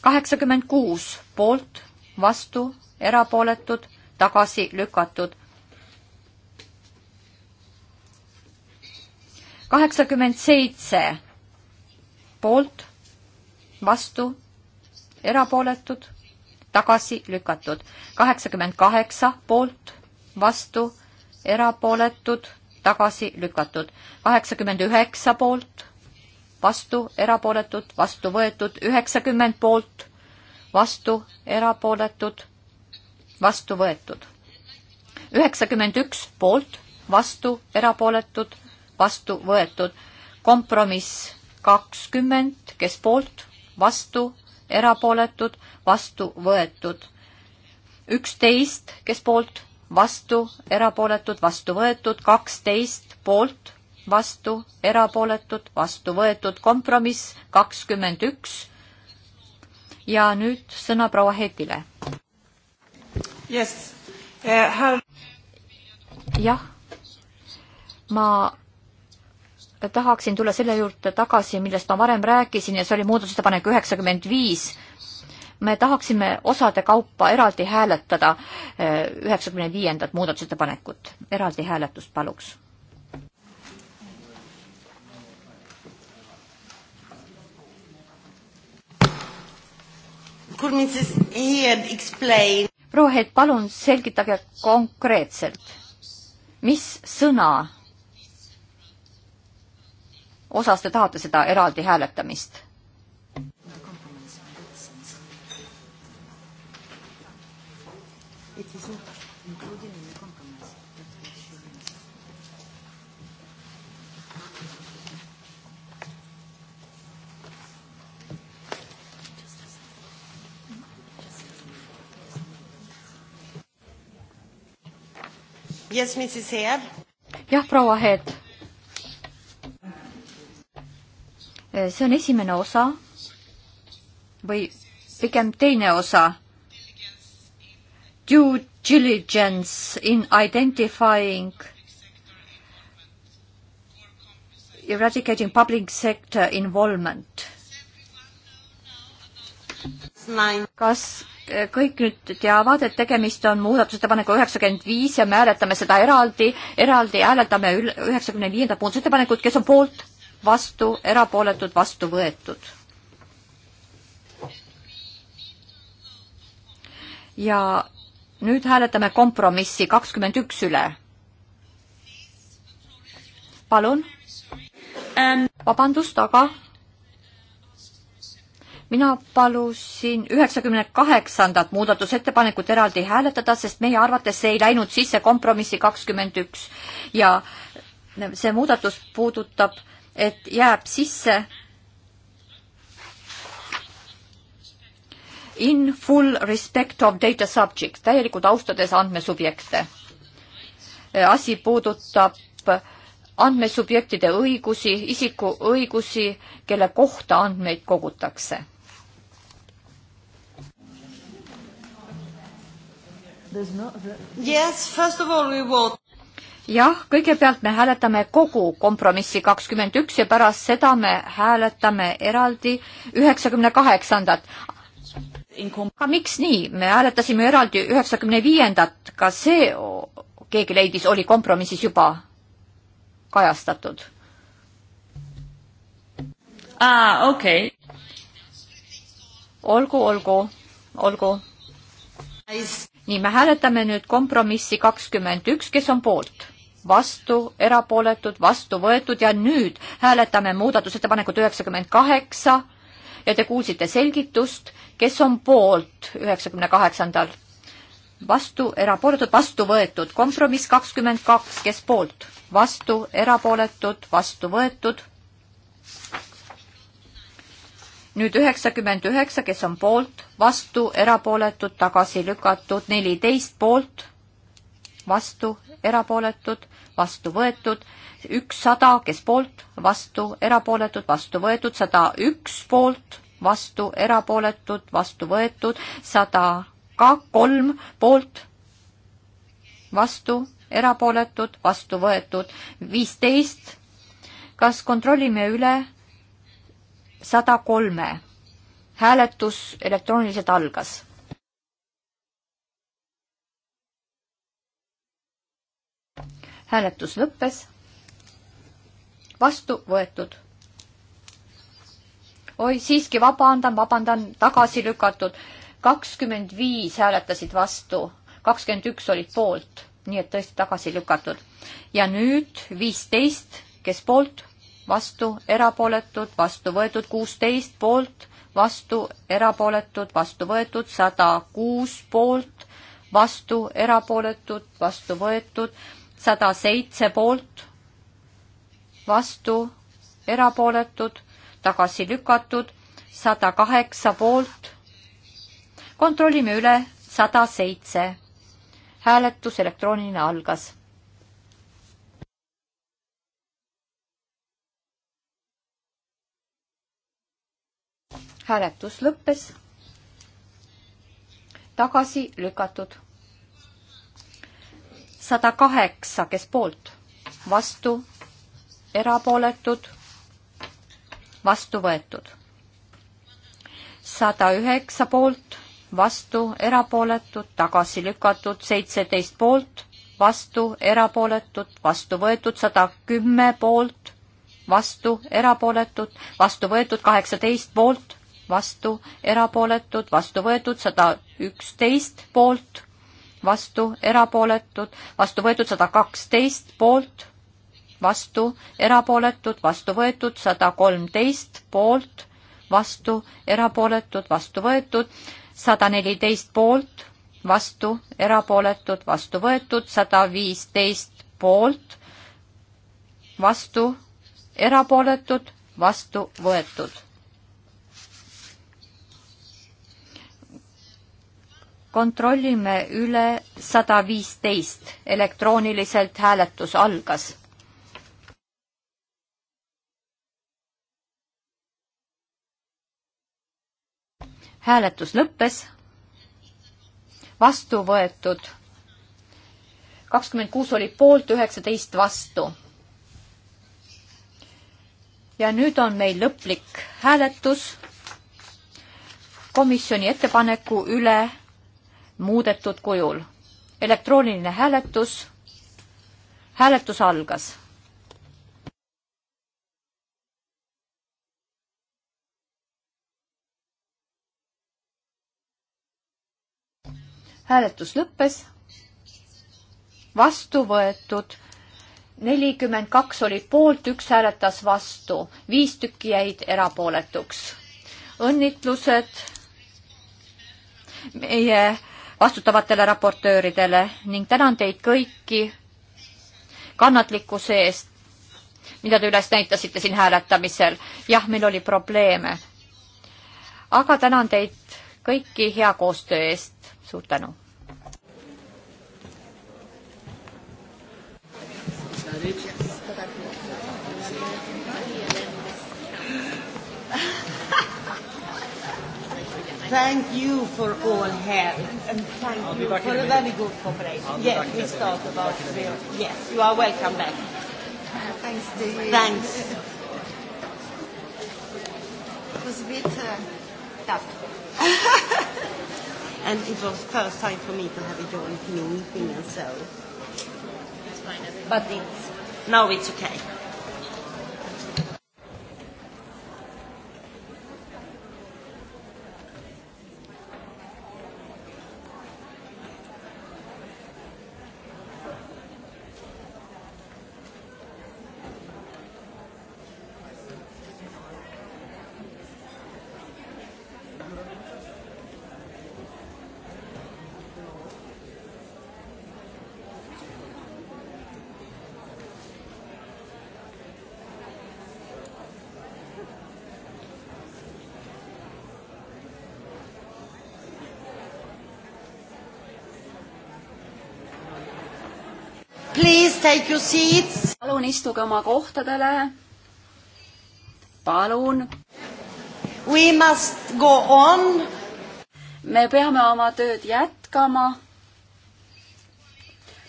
kaheksakümmend kuus poolt, vastu, erapooletud, tagasi lükatud. kaheksakümmend seitse poolt, vastu, erapooletud, tagasi lükatud. kaheksakümmend kaheksa poolt, vastu, erapooletud, tagasi lükatud. kaheksakümmend üheksa poolt, vastu, erapooletud, vastu võetud, üheksakümmend poolt, vastu, erapooletud, vastu võetud. üheksakümmend üks poolt, vastu, erapooletud, vastu võetud. kompromiss kakskümmend, kes poolt, vastu, erapooletud, vastu võetud. üksteist, kes poolt, vastu, erapooletud, vastu võetud, kaksteist poolt, vastu, erapooletud, vastu võetud, kompromiss kakskümmend üks. ja nüüd sõna proua Heetile. Uh, jah, ma tahaksin tulla selle juurde tagasi, millest ma varem rääkisin ja see oli muudatusettepanek üheksakümmend viis. me tahaksime osade kaupa eraldi hääletada eh, üheksakümne viiendat muudatusettepanekut, eraldi hääletust paluks. proua Heid, palun selgitage konkreetselt, mis sõna osas te tahate seda eraldi hääletamist? It is not included in the compromise. Yes, Mrs. Head. jah, proua Head. Eh, see on esimene osa või pigem teine osa. Due diligence in identifying eradicating public sector involvement. kas eh, kõik nüüd teavad, et tegemist on muudatusettepaneku üheksakümmend viis ja me hääletame seda eraldi, eraldi hääletame üheksakümne viiendat muudatusettepanekut, kes on poolt? vastu, erapooletud, vastu võetud. ja nüüd hääletame kompromissi kakskümmend üks üle. palun. vabandust, aga mina palusin üheksakümne kaheksandat muudatusettepanekut eraldi hääletada, sest meie arvates see ei läinud sisse kompromissi kakskümmend üks ja see muudatus puudutab et jääb sisse in full respect of data subjects, täielikult austades andmesubjekte. asi puudutab andmesubjektide õigusi, isiku õigusi, kelle kohta andmeid kogutakse. Yes, first of all we want jah, kõigepealt me hääletame kogu kompromissi kakskümmend üks ja pärast seda me hääletame eraldi üheksakümne kaheksandat. aga miks nii, me hääletasime eraldi üheksakümne viiendat, ka see, keegi leidis, oli kompromissis juba kajastatud. aa, ah, okei okay.. olgu, olgu, olgu nii, me hääletame nüüd kompromissi kakskümmend üks, kes on poolt? vastu, erapooletud, vastu võetud ja nüüd hääletame muudatusettepanekut üheksakümmend kaheksa ja te kuulsite selgitust, kes on poolt üheksakümne kaheksandal. vastu, erapooletud, vastu võetud, kompromiss kakskümmend kaks, kes poolt, vastu, erapooletud, vastu võetud. nüüd üheksakümmend üheksa, kes on poolt, vastu, erapooletud, tagasi lükatud, neliteist poolt, vastu, erapooletud, vastu võetud, ükssada, kes poolt, vastu, erapooletud, vastu võetud, sada üks poolt, vastu, erapooletud, vastu võetud, sada ka kolm poolt, vastu, erapooletud, vastu võetud, viisteist. kas kontrollime üle sada kolme? hääletus elektrooniliselt algas hääletus lõppes. vastu võetud. oi, siiski vabandan, vabandan, tagasi lükatud. kakskümmend viis hääletasid vastu, kakskümmend üks olid poolt, nii et tõesti tagasi lükatud. ja nüüd viisteist, kes poolt, vastu, erapooletud, vastu võetud, kuusteist poolt, vastu, erapooletud, vastu võetud, sada kuus poolt, vastu, erapooletud, vastu võetud sada seitse poolt, vastu, erapooletud, tagasi lükatud, sada kaheksa poolt. kontrollime üle, sada seitse. hääletus elektrooniline algas. hääletus lõppes. tagasi lükatud sada kaheksa, kes poolt, vastu, erapooletud, vastu võetud. sada üheksa poolt, vastu, erapooletud, tagasi lükatud, seitseteist poolt, vastu, erapooletud, vastu võetud, sada kümme poolt, vastu, erapooletud, vastu võetud, kaheksateist poolt, vastu, erapooletud, vastu võetud, sada üksteist poolt vastu, erapooletud, vastu võetud sada kaksteist poolt, vastu, erapooletud, vastu võetud sada kolmteist poolt, vastu, erapooletud, vastu võetud, sada neliteist poolt, vastu, erapooletud, vastu võetud, sada viisteist poolt, vastu, erapooletud, vastu võetud kontrollime üle sada viisteist, elektrooniliselt hääletus algas. hääletus lõppes, vastu võetud kakskümmend kuus oli poolt, üheksateist vastu. ja nüüd on meil lõplik hääletus komisjoni ettepaneku üle muudetud kujul. elektrooniline hääletus. hääletus algas. hääletus lõppes. vastu võetud nelikümmend kaks oli poolt, üks hääletas vastu, viis tükki jäid erapooletuks. õnnitlused meie vastutavatele raportööridele ning tänan teid kõiki kannatlikkuse eest, mida te üles näitasite siin hääletamisel. jah, meil oli probleeme. aga tänan teid kõiki hea koostöö eest. suur tänu! thank you for all help and thank I'll you for a, a very good cooperation. I'll yes, we talked about the bill. Yes, you are welcome back. Uh, thanks, David. Thanks. it was a bit uh, tough. and it was first time for me to have a joint meeting and so. It's fine, everybody. But it's, now it's okay. take your seats. palun istuge oma kohtadele. palun. We must go on. me peame oma tööd jätkama.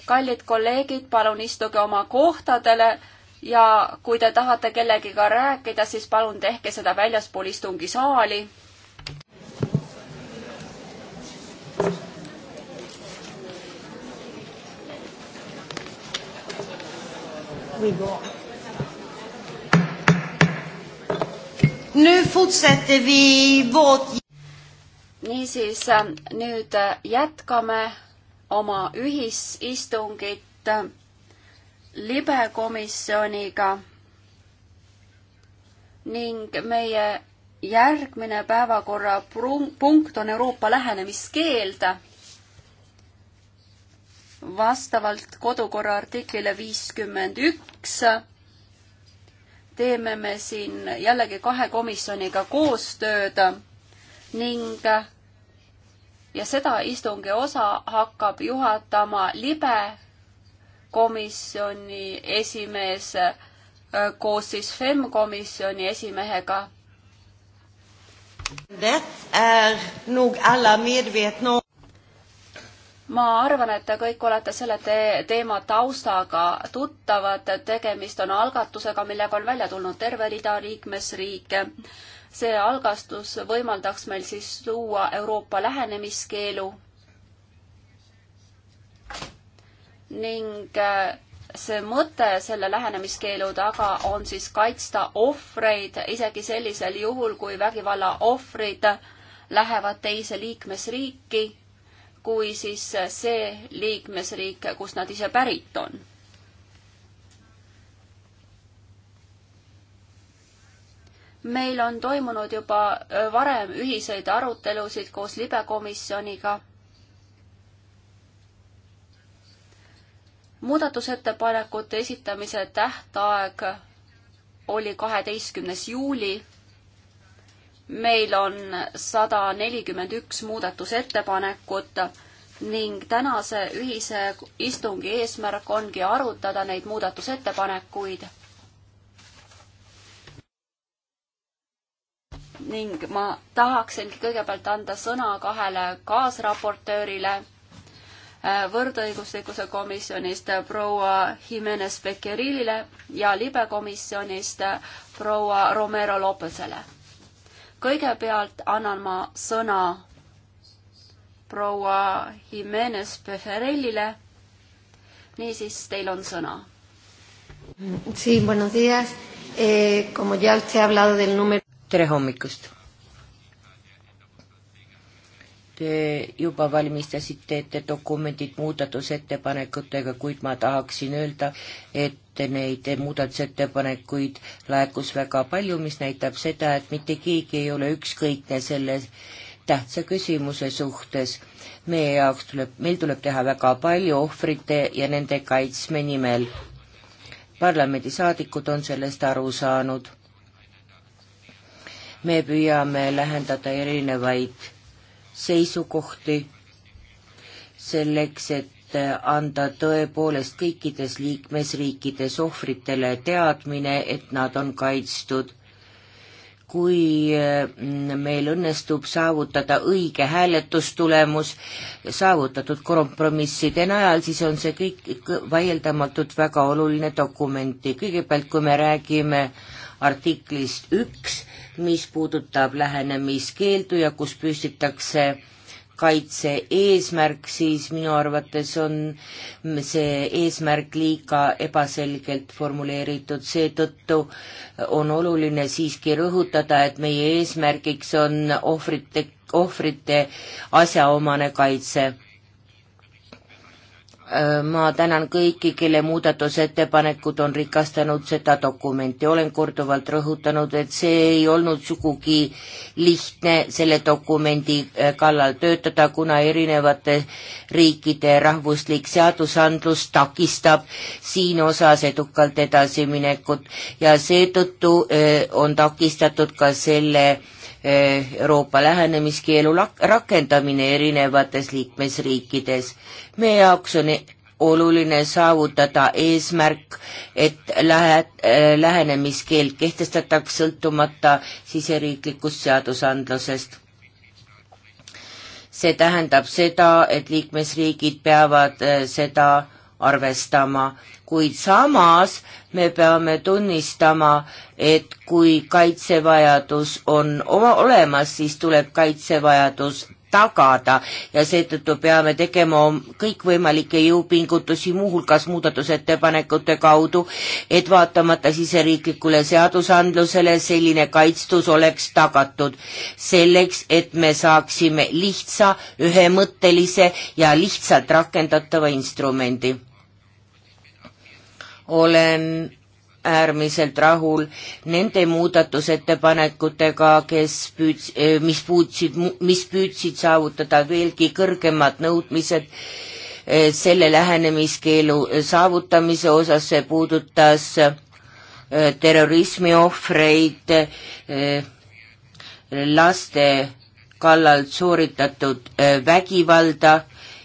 kallid kolleegid, palun istuge oma kohtadele ja kui te tahate kellegiga rääkida, siis palun tehke seda väljaspool istungisaali we go. Nu fortsätter vi vårt... Niisiis, nüüd jätkame oma ühisistungit libekomisjoniga ning meie järgmine päevakorrapunkt on Euroopa lähenemiskeeld vastavalt kodukorra artiklile viiskümmend üks teeme me siin jällegi kahe komisjoniga koostööd ning ja seda istungi osa hakkab juhatama libe komisjoni esimees koos siis FEM komisjoni esimehega ma arvan, et te kõik olete selle te teema taustaga tuttavad, tegemist on algatusega, millega on välja tulnud terve rida liikmesriike. see algastus võimaldaks meil siis luua Euroopa lähenemiskeelu ning äh, see mõte selle lähenemiskeelu taga on siis kaitsta ohvreid isegi sellisel juhul, kui vägivalla ohvrid lähevad teise liikmesriiki kui siis see liikmesriik, kust nad ise pärit on meil on toimunud juba varem ühiseid arutelusid koos libekomisjoniga. muudatusettepanekute esitamise tähtaeg oli kaheteistkümnes juuli meil on sada nelikümmend üks muudatusettepanekut ning tänase ühise istungi eesmärk ongi arutada neid muudatusettepanekuid. ning ma tahaksingi kõigepealt anda sõna kahele kaasraportöörile äh, võrdõiguslikkuse komisjonist proua Jimenez Becerrilile ja libekomisjonist proua Romero Lopesele kõigepealt annan ma sõna proua Jimenez Peferellile. niisiis, teil on sõna. Sí, buenos días. Eh, como ya usted ha hablado del número... tere hommikust! Te juba valmistasite ette dokumendid muudatusettepanekutega, kuid ma tahaksin öelda, et et neid muudatusettepanekuid laekus väga palju, mis näitab seda, et mitte keegi ei ole ükskõikne selle tähtsa küsimuse suhtes. meie jaoks tuleb, meil tuleb teha väga palju ohvrite ja nende kaitsme nimel. parlamendisaadikud on sellest aru saanud. me püüame lähendada erinevaid seisukohti selleks, et anda tõepoolest kõikides liikmesriikides ohvritele teadmine, et nad on kaitstud. kui mm, meil õnnestub saavutada õige hääletustulemus saavutatud kompromisside najal, siis on see kõik vaieldamatult väga oluline dokument ja kõigepealt, kui me räägime artiklist üks, mis puudutab lähenemiskeeldu ja kus püstitakse kaitse eesmärk, siis minu arvates on see eesmärk liiga ebaselgelt formuleeritud, seetõttu on oluline siiski rõhutada, et meie eesmärgiks on ohvrite, ohvrite asjaomane kaitse ma tänan kõiki, kelle muudatusettepanekud on rikastanud seda dokumenti, olen korduvalt rõhutanud, et see ei olnud sugugi lihtne selle dokumendi äh, kallal töötada, kuna erinevate riikide rahvuslik seadusandlus takistab siin osas edukalt edasiminekut ja seetõttu äh, on takistatud ka selle äh, Eh, Euroopa lähenemiskeelu rakendamine erinevates liikmesriikides. meie jaoks on e-, oluline saavutada eesmärk, et lähe, eh, lähenemiskeeld kehtestataks sõltumata siseriiklikust seadusandlusest. see tähendab seda, et liikmesriigid peavad eh, seda arvestama, kuid samas me peame tunnistama, et kui kaitsevajadus on olemas, siis tuleb kaitsevajadus tagada ja seetõttu peame tegema kõikvõimalikke jõupingutusi, muuhulgas muudatusettepanekute kaudu, et vaatamata siseriiklikule seadusandlusele selline kaitstus oleks tagatud. selleks, et me saaksime lihtsa, ühemõttelise ja lihtsalt rakendatava instrumendi olen äärmiselt rahul nende muudatusettepanekutega, kes püüds-, eh, mis püüdsid, mis püüdsid saavutada veelgi kõrgemad nõudmised eh, selle lähenemiskeelu eh, saavutamise osas, see puudutas terrorismi ohvreid, laste kallalt sooritatud vägivalda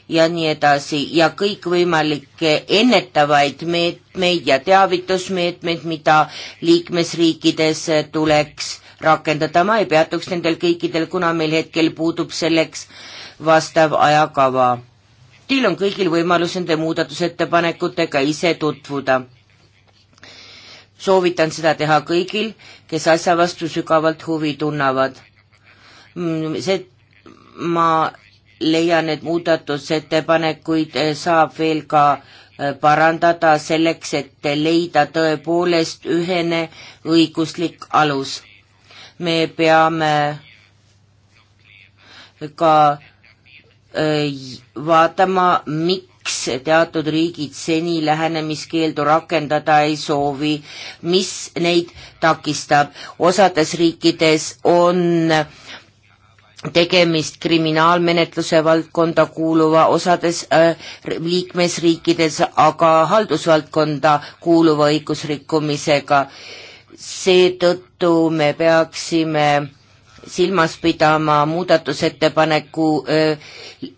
ja nii edasi ja kõikvõimalikke ennetavaid meetmeid ja teavitusmeetmeid, mida liikmesriikides tuleks rakendada, ma ei peatuks nendel kõikidel, kuna meil hetkel puudub selleks vastav ajakava. Teil on kõigil võimalus nende muudatusettepanekutega ise tutvuda. soovitan seda teha kõigil, kes asja vastu sügavalt huvi tunnevad. Mm, see, ma leian, et muudatusettepanekuid eh, saab veel ka eh, parandada selleks, et leida tõepoolest ühene õiguslik alus. me peame ka eh, vaatama, miks teatud riigid seni lähenemiskeeldu rakendada ei soovi, mis neid takistab. osades riikides on äh, tegemist kriminaalmenetluse valdkonda kuuluva osades äh, liikmesriikides, aga haldusvaldkonda kuuluva õigusrikkumisega. seetõttu me peaksime silmas pidama muudatusettepaneku äh,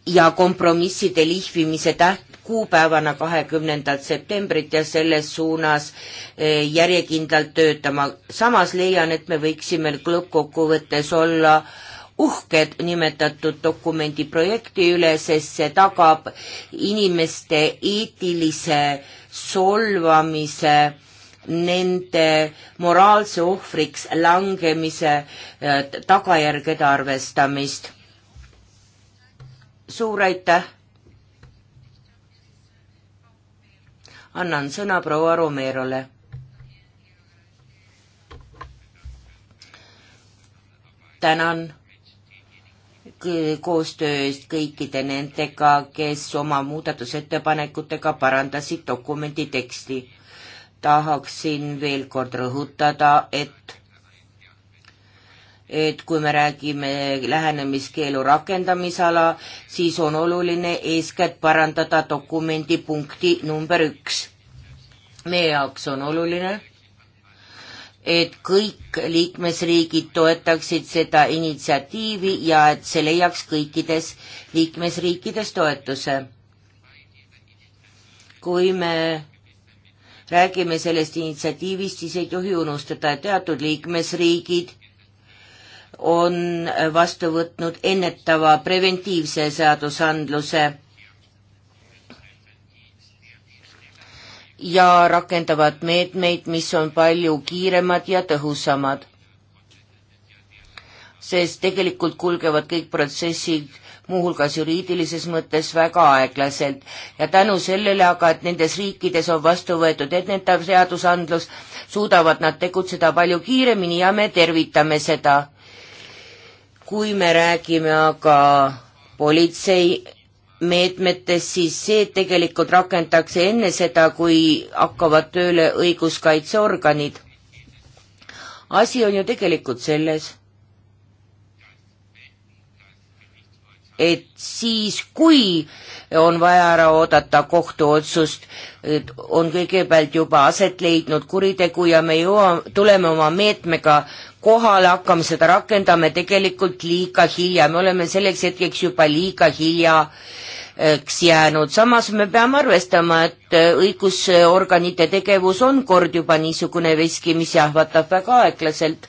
ja kompromisside lihvimise täht-, kuupäevana kahekümnendat septembrit ja selles suunas äh, järjekindlalt töötama. samas leian, et me võiksime lõppkokkuvõttes olla äh, uhked nimetatud dokumendi projekti üle, sest see tagab inimeste eetilise solvamise, nende moraalse ohvriks langemise äh, tagajärgede arvestamist. suur aitäh! annan sõna proua Romerole tänan Eh, koostöö eest kõikide nendega, kes oma muudatusettepanekutega parandasid dokumendi teksti. tahaksin veel kord rõhutada, et et kui me räägime lähenemiskeelu rakendamisala, siis on oluline eeskätt parandada dokumendi punkti number üks. meie jaoks on oluline, et kõik liikmesriigid toetaksid seda initsiatiivi ja et see leiaks kõikides liikmesriikides toetuse. kui me räägime sellest initsiatiivist, siis ei tohi unustada, et teatud liikmesriigid on vastu võtnud ennetava preventiivse seadusandluse ja rakendavad meetmeid, mis on palju kiiremad ja tõhusamad. sest tegelikult kulgevad kõik protsessid muuhulgas juriidilises mõttes väga aeglaselt ja tänu sellele aga, et nendes riikides on vastu võetud edendav seadusandlus, suudavad nad tegutseda palju kiiremini ja me tervitame seda. kui me räägime aga politsei meetmetes, siis see tegelikult rakendatakse enne seda, kui hakkavad tööle õiguskaitseorganid. asi on ju tegelikult selles, et siis, kui on vaja ära oodata kohtuotsust, on kõigepealt juba aset leidnud kuritegu ja me jõuame, tuleme oma meetmega kohale, hakkame seda rakendama tegelikult liiga hilja, me oleme selleks hetkeks juba liiga hilja äh, eks jäänud, samas me peame arvestama, et äh, õigusorganite tegevus on kord juba niisugune veski, mis jahvatab väga aeglaselt.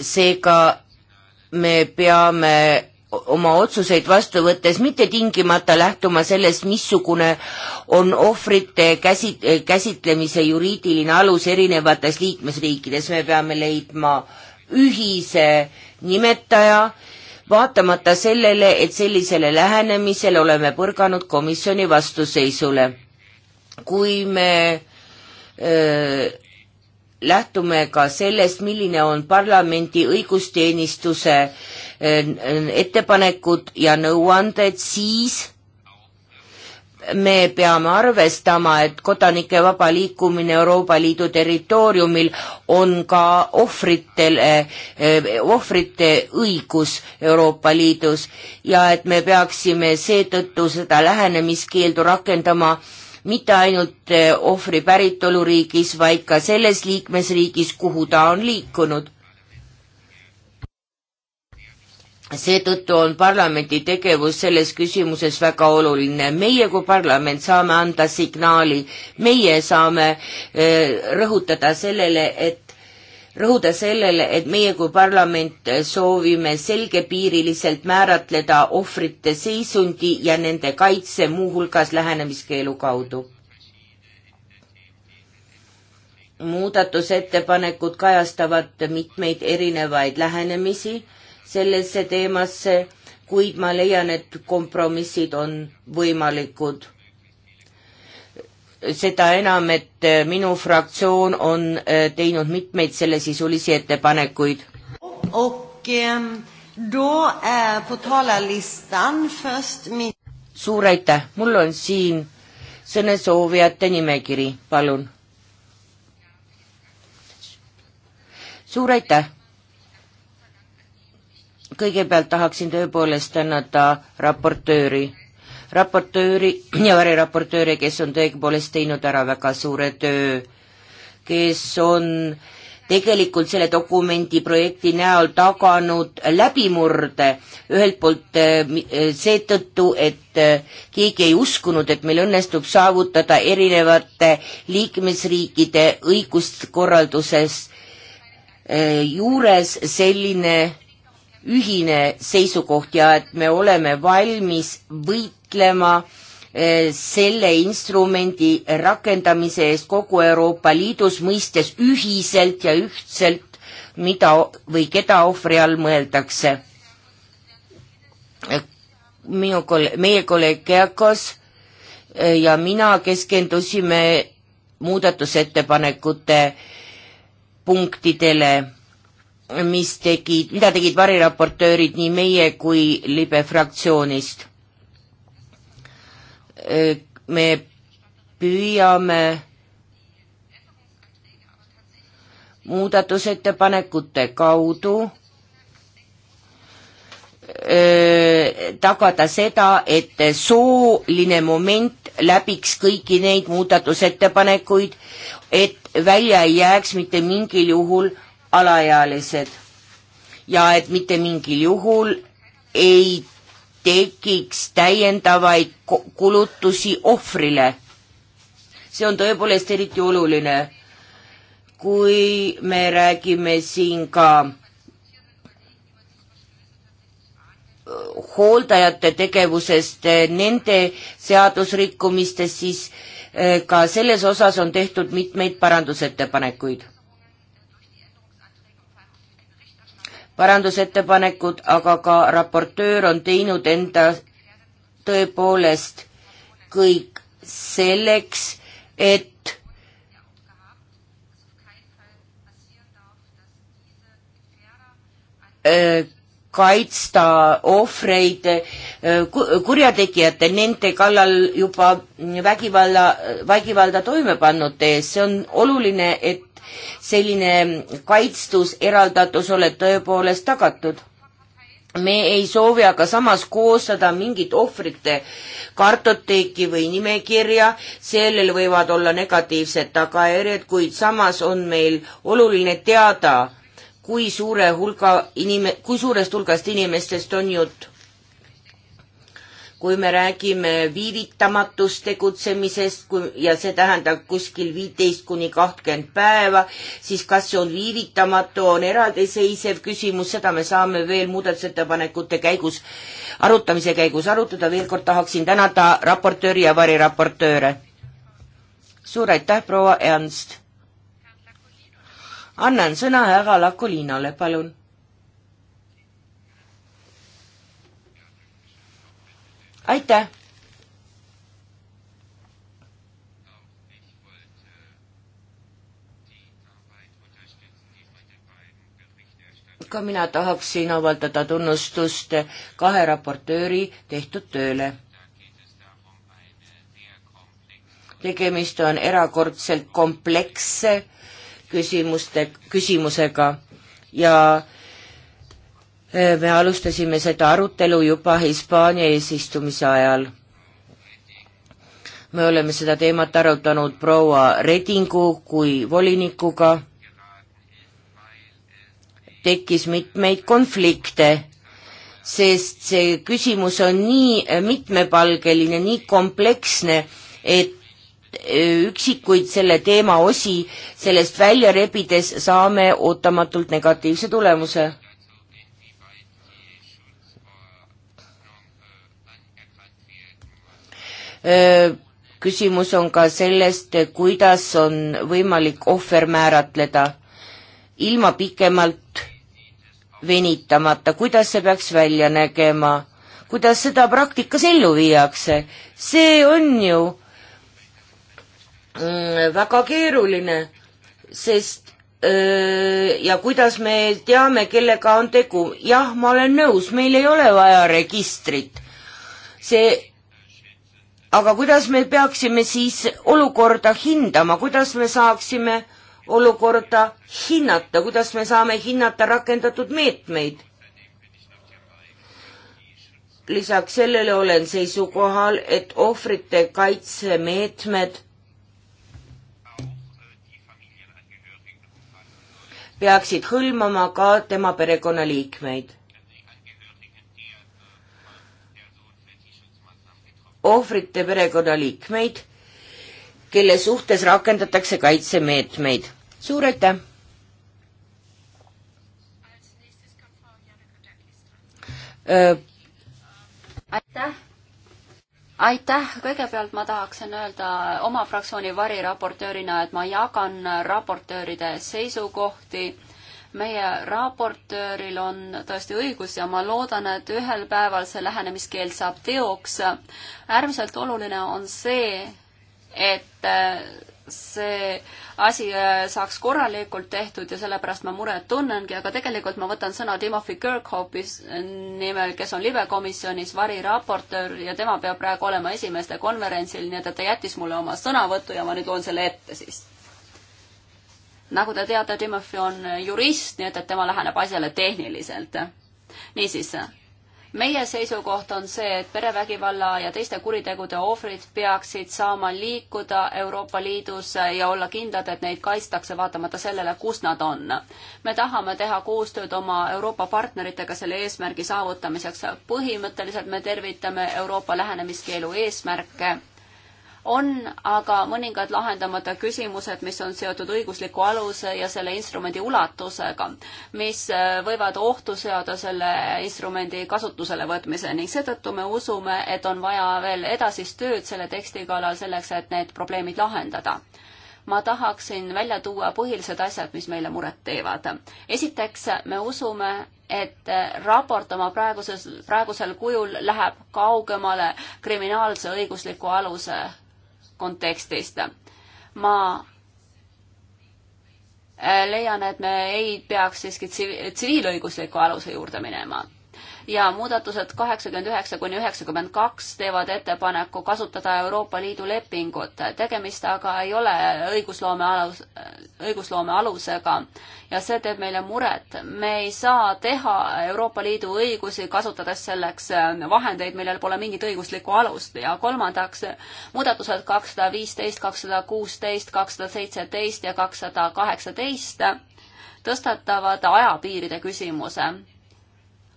seega me peame oma otsuseid vastu võttes mitte tingimata lähtuma sellest, missugune on ohvrite käsi, käsitlemise juriidiline alus erinevates liikmesriikides, me peame leidma ühise nimetaja vaatamata sellele, et sellisele lähenemisele oleme põrganud komisjoni vastuseisule. kui me öö, lähtume ka sellest, milline on parlamendi õigusteenistuse ettepanekud ja nõuanded, siis me peame arvestama, et kodanike vaba liikumine Euroopa Liidu territooriumil on ka ohvritele, eh, ohvrite õigus Euroopa Liidus ja et me peaksime seetõttu seda lähenemiskeeldu rakendama mitte ainult eh, ohvri päritoluriigis, vaid ka selles liikmesriigis, kuhu ta on liikunud seetõttu on parlamendi tegevus selles küsimuses väga oluline. meie kui parlament saame anda signaali, meie saame eh, rõhutada sellele, et rõhuda sellele, et meie kui parlament eh, soovime selgepiiriliselt määratleda ohvrite seisundi ja nende kaitse muuhulgas lähenemiskeelu kaudu muudatusettepanekud kajastavad mitmeid erinevaid lähenemisi sellesse teemasse, kuid ma leian, et kompromissid on võimalikud. seda enam, et äh, minu fraktsioon on äh, teinud mitmeid sellesisulisi ettepanekuid. Ehm, suur aitäh, mul on siin sõnesoovijate nimekiri, palun. suur aitäh kõigepealt tahaksin tõepoolest tänada raportööri, raportööri ja variraportööri, kes on tõepoolest teinud ära väga suure töö, kes on tegelikult selle dokumendi projekti näol taganud läbimurde ühelt poolt äh, äh, seetõttu, et äh, keegi ei uskunud, et meil õnnestub saavutada erinevate liikmesriikide õiguskorralduses juures selline ühine seisukoht ja et me oleme valmis võitlema eh, selle instrumendi rakendamise eest kogu Euroopa Liidus, mõistes ühiselt ja ühtselt, mida või keda ohvri all mõeldakse. Eh, minu kol-, meie kolleeg Keakos eh, ja mina keskendusime muudatusettepanekute punktidele mis tegid, mida tegid variraportöörid nii meie kui libe fraktsioonist. me püüame muudatusettepanekute kaudu öö, tagada seda, et sooline moment läbiks kõiki neid muudatusettepanekuid, et välja ei jääks mitte mingil juhul alaealised ja et mitte mingil juhul ei tekiks täiendavaid kulutusi ohvrile. see on tõepoolest eriti oluline, kui me räägime siin ka äh, hooldajate tegevusest, äh, nende seadusrikkumistest, siis äh, ka selles osas on tehtud mitmeid parandusettepanekuid parandusettepanekud, aga ka raportöör on teinud enda tõepoolest kõik selleks, et äh, kaitsta ohvreid eh, kurjategijate, nende kallal juba vägivalla, vägivalda toime pannute ees, see on oluline, et selline kaitstus, eraldatus oled tõepoolest tagatud. me ei soovi aga samas koostada mingit ohvrite kartoteeki või nimekirja, sellel võivad olla negatiivsed tagajärjed, kuid samas on meil oluline teada, kui suure hulga inime-, kui suurest hulgast inimestest on jutt. kui me räägime viivitamatust tegutsemisest kui, ja see tähendab kuskil viiteist kuni kahtkümmend päeva, siis kas see on viivitamatu, on eraldiseisev küsimus, seda me saame veel muudatusettepanekute käigus, arutamise käigus arutada, veel kord tahaksin tänada raportööri ja variraportööre. suur aitäh, proua Ernst! annan sõna härra Lakolinale, palun. aitäh. ka mina tahaksin avaldada tunnustust kahe raportööri tehtud tööle tegemist on erakordselt kompleksse küsimuste, küsimusega ja eh, me alustasime seda arutelu juba Hispaania eesistumise ajal. me oleme seda teemat arutanud proua Redingu kui volinikuga. tekkis mitmeid konflikte, sest see küsimus on nii mitmepalgeline, nii kompleksne, et üksikuid selle teema osi sellest välja rebides saame ootamatult negatiivse tulemuse. küsimus on ka sellest, kuidas on võimalik ohver määratleda ilma pikemalt venitamata, kuidas see peaks välja nägema, kuidas seda praktikas ellu viiakse, see on ju Mm, väga keeruline, sest öö, ja kuidas me teame, kellega on tegu, jah, ma olen nõus, meil ei ole vaja registrit. see, aga kuidas me peaksime siis olukorda hindama, kuidas me saaksime olukorda hinnata, kuidas me saame hinnata rakendatud meetmeid? lisaks sellele olen seisukohal, et ohvrite kaitsemeetmed peaksid hõlmama ka tema perekonnaliikmeid. ohvrite perekonnaliikmeid, kelle suhtes rakendatakse kaitsemeetmeid. suur aitäh! Äh, aitäh! aitäh, kõigepealt ma tahaksin öelda oma fraktsiooni variraportöörina, et ma jagan raportööride seisukohti. meie raportööril on tõesti õigus ja ma loodan, et ühel päeval see lähenemiskeeld saab teoks. äärmiselt oluline on see, et see asi äh, saaks korralikult tehtud ja sellepärast ma muret tunnengi, aga tegelikult ma võtan sõna Timothy Kirkhope'is äh, nimel, kes on libekomisjonis variraportöör ja tema peab praegu olema esimeste konverentsil, nii et ta jättis mulle oma sõnavõtu ja ma nüüd loen selle ette siis. nagu te teate, Timothy on jurist, nii et, et tema läheneb asjale tehniliselt. niisiis meie seisukoht on see, et perevägivalla ja teiste kuritegude ohvrid peaksid saama liikuda Euroopa Liidus ja olla kindlad, et neid kaitstakse vaatamata sellele, kus nad on. me tahame teha koostööd oma Euroopa partneritega selle eesmärgi saavutamiseks. põhimõtteliselt me tervitame Euroopa lähenemiskeelu eesmärke on aga mõningad lahendamata küsimused, mis on seotud õigusliku aluse ja selle instrumendi ulatusega, mis äh, võivad ohtu seada selle instrumendi kasutusele võtmise ning seetõttu me usume, et on vaja veel edasist tööd selle teksti kallal selleks, et need probleemid lahendada ma tahaksin välja tuua põhilised asjad, mis meile muret teevad. esiteks, me usume, et äh, raport oma praeguses, praegusel kujul läheb kaugemale kriminaalse õigusliku aluse kontekstist. ma äh, leian, et me ei peaks siiski tsiviilõigusliku aluse juurde minema ja muudatused kaheksakümmend üheksa kuni üheksakümmend kaks teevad ettepaneku kasutada Euroopa Liidu lepingut. tegemist aga ei ole õigusloome alus, õigusloome alusega ja see teeb meile muret. me ei saa teha Euroopa Liidu õigusi, kasutades selleks vahendeid, millel pole mingit õiguslikku alust ja kolmandaks muudatused kakssada viisteist, kakssada kuusteist, kakssada seitseteist ja kakssada kaheksateist tõstatavad ajapiiride küsimuse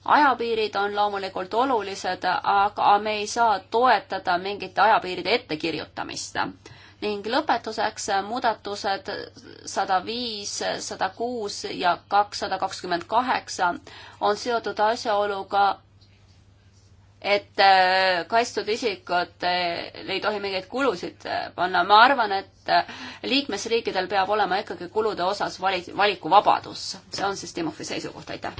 ajapiirid on loomulikult olulised, aga me ei saa toetada mingite ajapiiride ettekirjutamist. ning lõpetuseks muudatused sada viis, sada kuus ja kakssada kakskümmend kaheksa on seotud asjaoluga, et äh, kaitstud isikud äh, ei tohi mingeid kulusid äh, panna. ma arvan, et liikmesriikidel peab olema ikkagi kulude osas vali-, valikuvabadus. see on siis Timofi seisukoht, aitäh!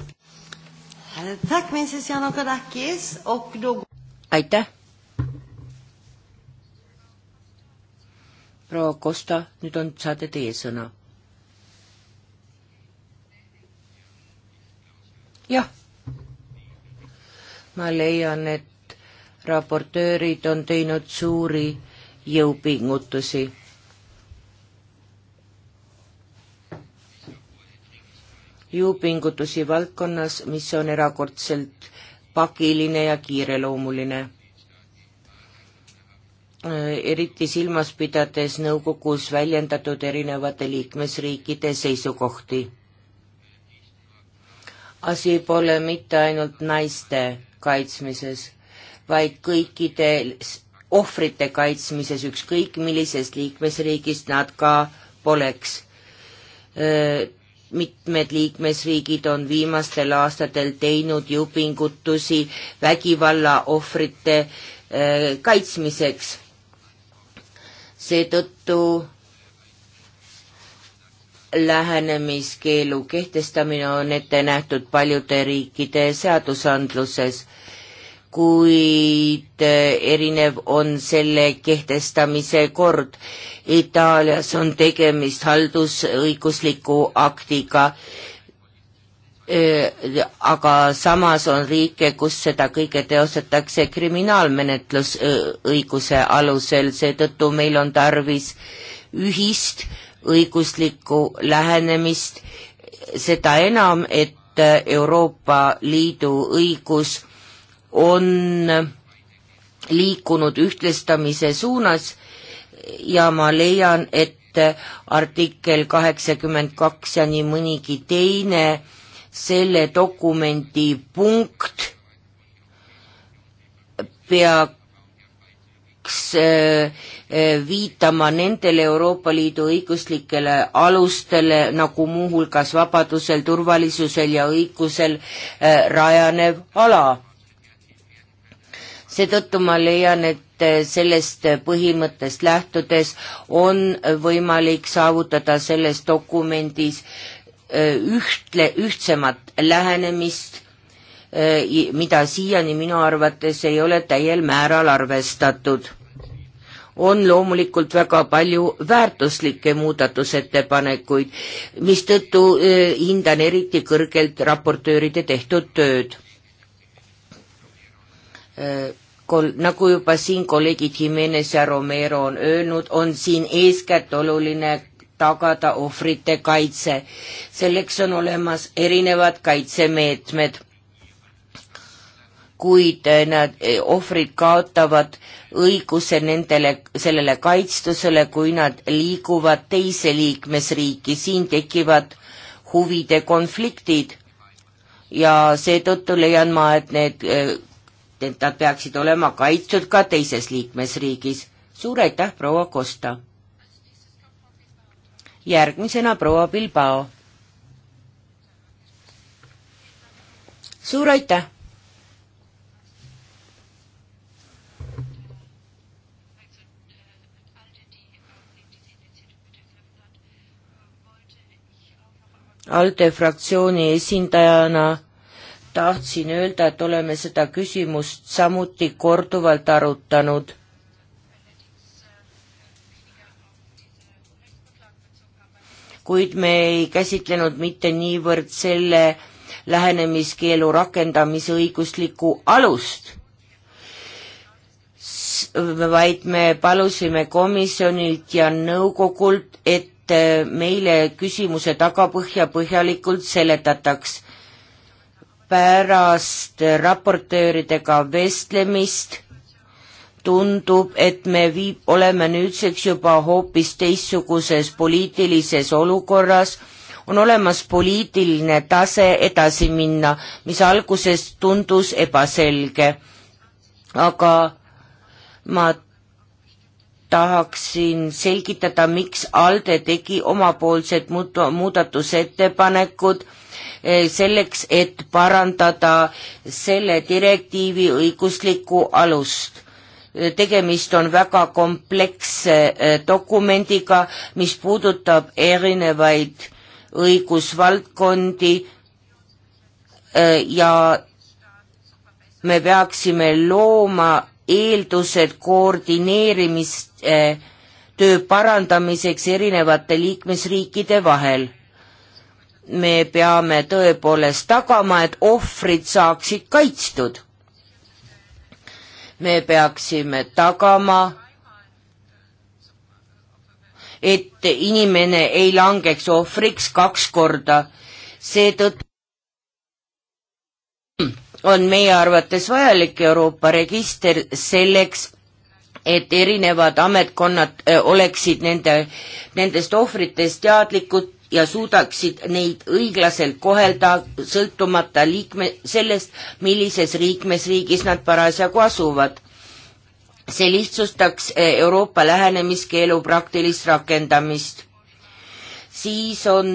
aitäh. proua Kosta, nüüd on, saate teie sõna. jah, ma leian, et raportöörid on teinud suuri jõupingutusi jõupingutusi valdkonnas, mis on erakordselt pakiline ja kiireloomuline. eriti silmas pidades nõukogus väljendatud erinevate liikmesriikide seisukohti. asi pole mitte ainult naiste kaitsmises, vaid kõikide ohvrite kaitsmises, ükskõik millisest liikmesriigist nad ka poleks mitmed liikmesriigid on viimastel aastatel teinud ju pingutusi vägivalla ohvrite äh, kaitsmiseks. seetõttu lähenemiskeelu kehtestamine on ette nähtud paljude riikide seadusandluses kuid eh, erinev on selle kehtestamise kord. Itaalias on tegemist haldusõigusliku aktiga, eh, aga samas on riike, kus seda kõike teostatakse kriminaalmenetlusõiguse alusel, seetõttu meil on tarvis ühist õiguslikku lähenemist, seda enam, et eh, Euroopa Liidu õigus on liikunud ühtlustamise suunas ja ma leian, et artikkel kaheksakümmend kaks ja nii mõnigi teine selle dokumendi punkt peaks äh, äh, viitama nendele Euroopa Liidu õiguslikele alustele, nagu muuhulgas vabadusel, turvalisusel ja õigusel äh, rajanev ala seetõttu ma leian, et äh, sellest äh, põhimõttest lähtudes on võimalik saavutada selles dokumendis äh, ühtle, ühtsemat lähenemist, mida siiani minu arvates ei ole täiel määral arvestatud. on loomulikult väga palju väärtuslikke muudatusettepanekuid, mistõttu hindan eriti kõrgelt raportööride tehtud tööd nagu juba siin kolleegid Jimenez ja Romero on öelnud, on siin eeskätt oluline tagada ohvrite kaitse. selleks on olemas erinevad kaitsemeetmed. kuid eh, nad, eh, ohvrid kaotavad õiguse nendele, sellele kaitstusele, kui nad liiguvad teise liikmesriiki, siin tekivad huvide konfliktid ja seetõttu leian ma, et need eh, et nad peaksid olema kaitstud ka teises liikmesriigis. suur aitäh, proua Costa! järgmisena proua Bilbao. suur aitäh! ALDE fraktsiooni esindajana tahtsin öelda, et oleme seda küsimust samuti korduvalt arutanud. kuid me ei käsitlenud mitte niivõrd selle lähenemiskeelu rakendamise õiguslikku alust, vaid me palusime komisjonilt ja nõukogult, et meile küsimuse tagapõhja põhjalikult seletataks pärast raportööridega vestlemist tundub, et me viib, oleme nüüdseks juba hoopis teistsuguses poliitilises olukorras, on olemas poliitiline tase edasi minna, mis alguses tundus ebaselge. aga ma tahaksin selgitada, miks ALDE tegi omapoolsed muudatusettepanekud, Eh, selleks, et parandada selle direktiivi õiguslikku alust. Eh, tegemist on väga kompleksse eh, dokumendiga, mis puudutab erinevaid õigusvaldkondi ja me peaksime looma eeldused koordineerimist, töö parandamiseks erinevate liikmesriikide vahel me peame tõepoolest tagama, et ohvrid saaksid kaitstud. me peaksime tagama, et inimene ei langeks ohvriks kaks korda, seetõttu on meie arvates vajalik Euroopa register selleks, et erinevad ametkonnad äh, oleksid nende, nendest ohvritest teadlikud ja suudaksid neid õiglaselt kohelda sõltumata liikme, sellest, millises liikmesriigis nad parasjagu asuvad. see lihtsustaks eh, Euroopa lähenemiskeelu praktilist rakendamist. siis on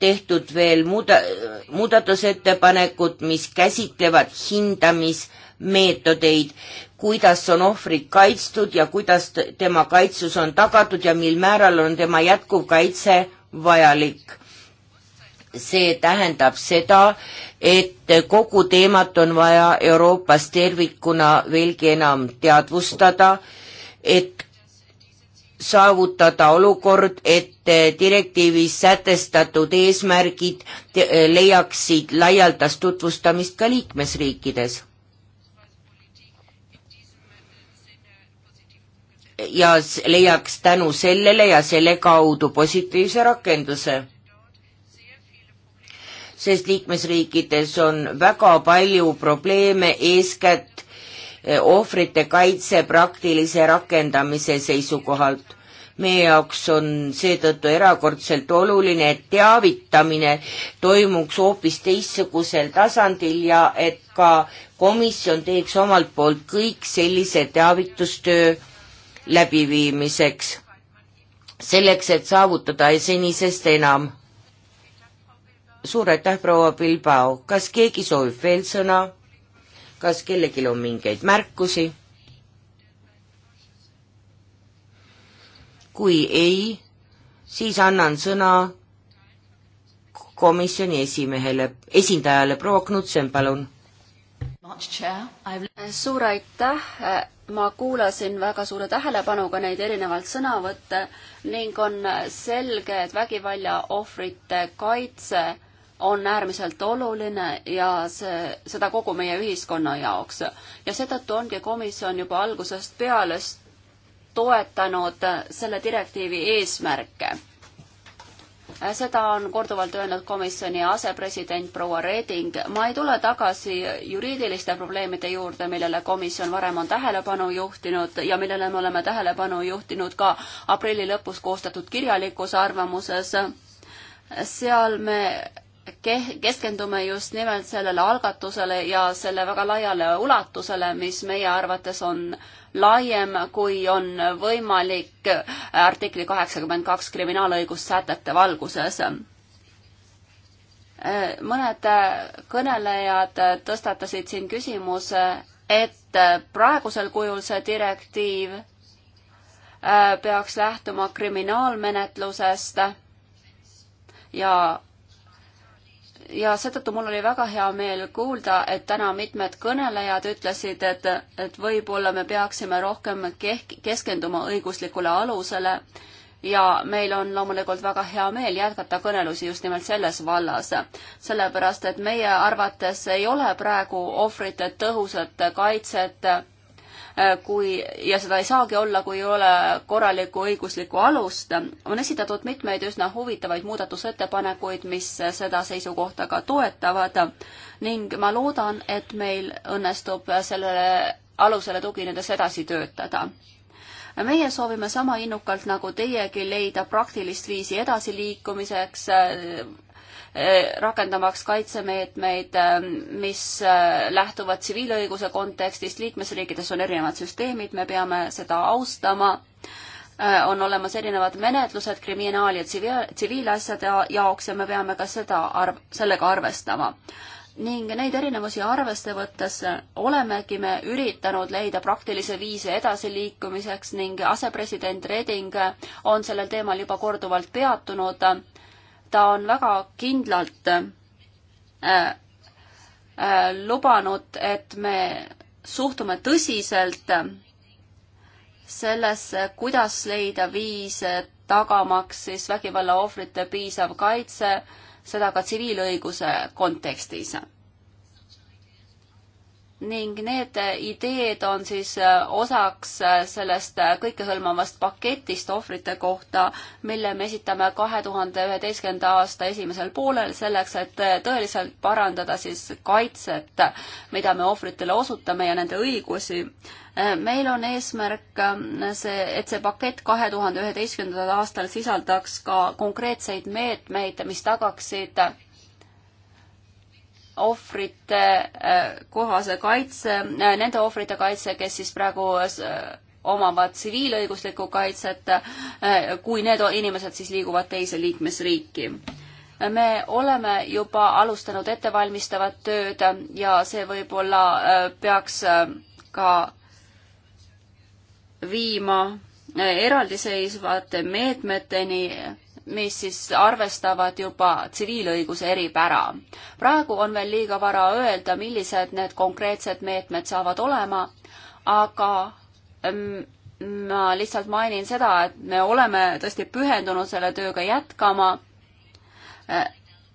tehtud veel muuda-, muudatusettepanekud, mis käsitlevad hindamismeetodeid, kuidas on ohvrid kaitstud ja kuidas tema kaitsus on tagatud ja mil määral on tema jätkuv kaitse vajalik. see tähendab seda, et kogu teemat on vaja Euroopas tervikuna veelgi enam teadvustada, et saavutada olukord, et direktiivis sätestatud eesmärgid leiaksid laialdast tutvustamist ka liikmesriikides ja leiaks tänu sellele ja selle kaudu positiivse rakenduse. sest liikmesriikides on väga palju probleeme, eeskätt eh, ohvrite kaitse praktilise rakendamise seisukohalt meie jaoks on seetõttu erakordselt oluline, et teavitamine toimuks hoopis teistsugusel tasandil ja et ka komisjon teeks omalt poolt kõik sellise teavitustöö läbiviimiseks, selleks, et saavutada senisest enam. suur aitäh, proua Bilbao, kas keegi soovib veel sõna? kas kellelgi on mingeid märkusi? kui ei, siis annan sõna komisjoni esimehele, esindajale, proua Knutsen, palun. suur aitäh ma kuulasin väga suure tähelepanuga neid erinevaid sõnavõtte ning on selge, et vägivalla ohvrite kaitse on äärmiselt oluline ja see, seda kogu meie ühiskonna jaoks. ja seetõttu ongi komisjon juba algusest peale toetanud selle direktiivi eesmärke seda on korduvalt öelnud komisjoni asepresident proua Reding. ma ei tule tagasi juriidiliste probleemide juurde, millele komisjon varem on tähelepanu juhtinud ja millele me oleme tähelepanu juhtinud ka aprilli lõpus koostatud kirjalikus arvamuses. seal me keskendume just nimelt sellele algatusele ja selle väga laiale ulatusele, mis meie arvates on laiem, kui on võimalik artikli kaheksakümmend kaks kriminaalõigussätete valguses. mõned kõnelejad tõstatasid siin küsimuse, et praegusel kujul see direktiiv äh, peaks lähtuma kriminaalmenetlusest ja ja seetõttu mul oli väga hea meel kuulda, et täna mitmed kõnelejad ütlesid, et, et võib-olla me peaksime rohkem kehk-, keskenduma õiguslikule alusele ja meil on loomulikult väga hea meel jätkata kõnelusi just nimelt selles vallas, sellepärast et meie arvates ei ole praegu ohvrite tõhusat kaitset Äh, kui, ja seda ei saagi olla, kui ei ole korralikku õiguslikku alust, on esitatud mitmeid üsna huvitavaid muudatusettepanekuid, mis seda seisukohta ka toetavad ning ma loodan, et meil õnnestub sellele alusele tuginedes edasi töötada meie soovime sama innukalt nagu teiegi leida praktilist viisi edasiliikumiseks Eh, rakendamaks kaitsemeetmeid, eh, mis eh, lähtuvad tsiviilõiguse kontekstist, liikmesriikides on erinevad süsteemid, me peame seda austama, on olemas erinevad menetlused kriminaal- ja tsiviil, tsiviilasjade jaoks ja me peame ka seda arv, sellega arvestama ning neid erinevusi arvesse võttes olemegi me üritanud leida praktilise viise edasiliikumiseks ning asepresident Reding on sellel teemal juba korduvalt peatunud ta on väga kindlalt äh, äh, lubanud, et me suhtume tõsiselt sellesse, kuidas leida viis tagamaks siis vägivalla ohvrite piisav kaitse, seda ka tsiviilõiguse kontekstis ning need ideed on siis äh, osaks äh, sellest äh, kõikehõlmavast paketist ohvrite kohta, mille me esitame kahe tuhande üheteistkümnenda aasta esimesel poolel selleks, et tõeliselt parandada siis kaitset, mida me ohvritele osutame ja nende õigusi. meil on eesmärk see, et see pakett kahe tuhande üheteistkümnendal aastal sisaldaks ka konkreetseid meetmeid, mis tagaksid ohvrite äh, kohase kaitse, äh, nende ohvrite kaitse, kes siis praegu äh, omavad tsiviilõiguslikku kaitset, kui need inimesed siis liiguvad teise liikmesriiki. me oleme juba alustanud ettevalmistavat tööd ja see võib-olla peaks ka viima eraldiseisvate meetmeteni mis siis arvestavad juba tsiviilõiguse eripära. praegu on veel liiga vara öelda, millised need konkreetsed meetmed saavad olema, aga mm, ma lihtsalt mainin seda, et me oleme tõesti pühendunud selle tööga jätkama.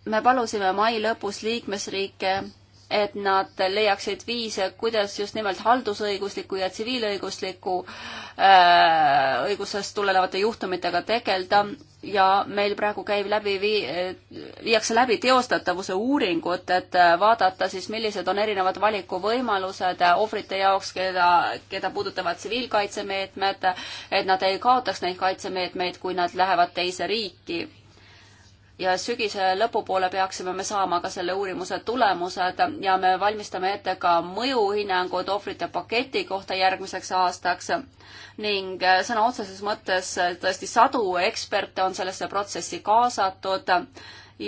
me palusime mai lõpus liikmesriike et nad leiaksid viise, kuidas just nimelt haldusõigusliku ja tsiviilõigusliku äh, õigusest tulenevate juhtumitega tegeleda ja meil praegu käib läbi vii,, viiakse läbi teostatavuse uuringut, et äh, vaadata siis, millised on erinevad valikuvõimalused äh, ohvrite jaoks, keda, keda puudutavad tsiviilkaitsemeetmed, et nad ei kaotaks neid kaitsemeetmeid, kui nad lähevad teise riiki ja sügise lõpupoole peaksime me saama ka selle uurimuse tulemused ja me valmistame ette ka mõjuhinnangud ohvrite paketi kohta järgmiseks aastaks ning äh, sõna otseses mõttes äh, tõesti sadu eksperte on sellesse protsessi kaasatud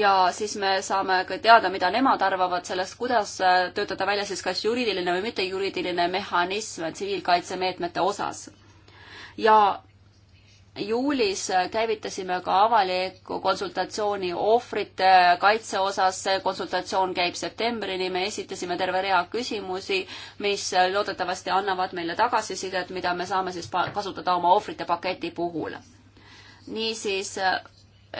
ja siis me saame ka teada, mida nemad arvavad sellest, kuidas äh, töötada välja siis kas juriidiline või mittejuriidiline mehhanism tsiviilkaitsemeetmete osas. ja juulis käivitasime ka avaliku konsultatsiooni ohvrite kaitse osas, see konsultatsioon käib septembrini, me esitasime terve rea küsimusi, mis loodetavasti annavad meile tagasisidet, mida me saame siis kasutada oma ohvrite paketi puhul. niisiis,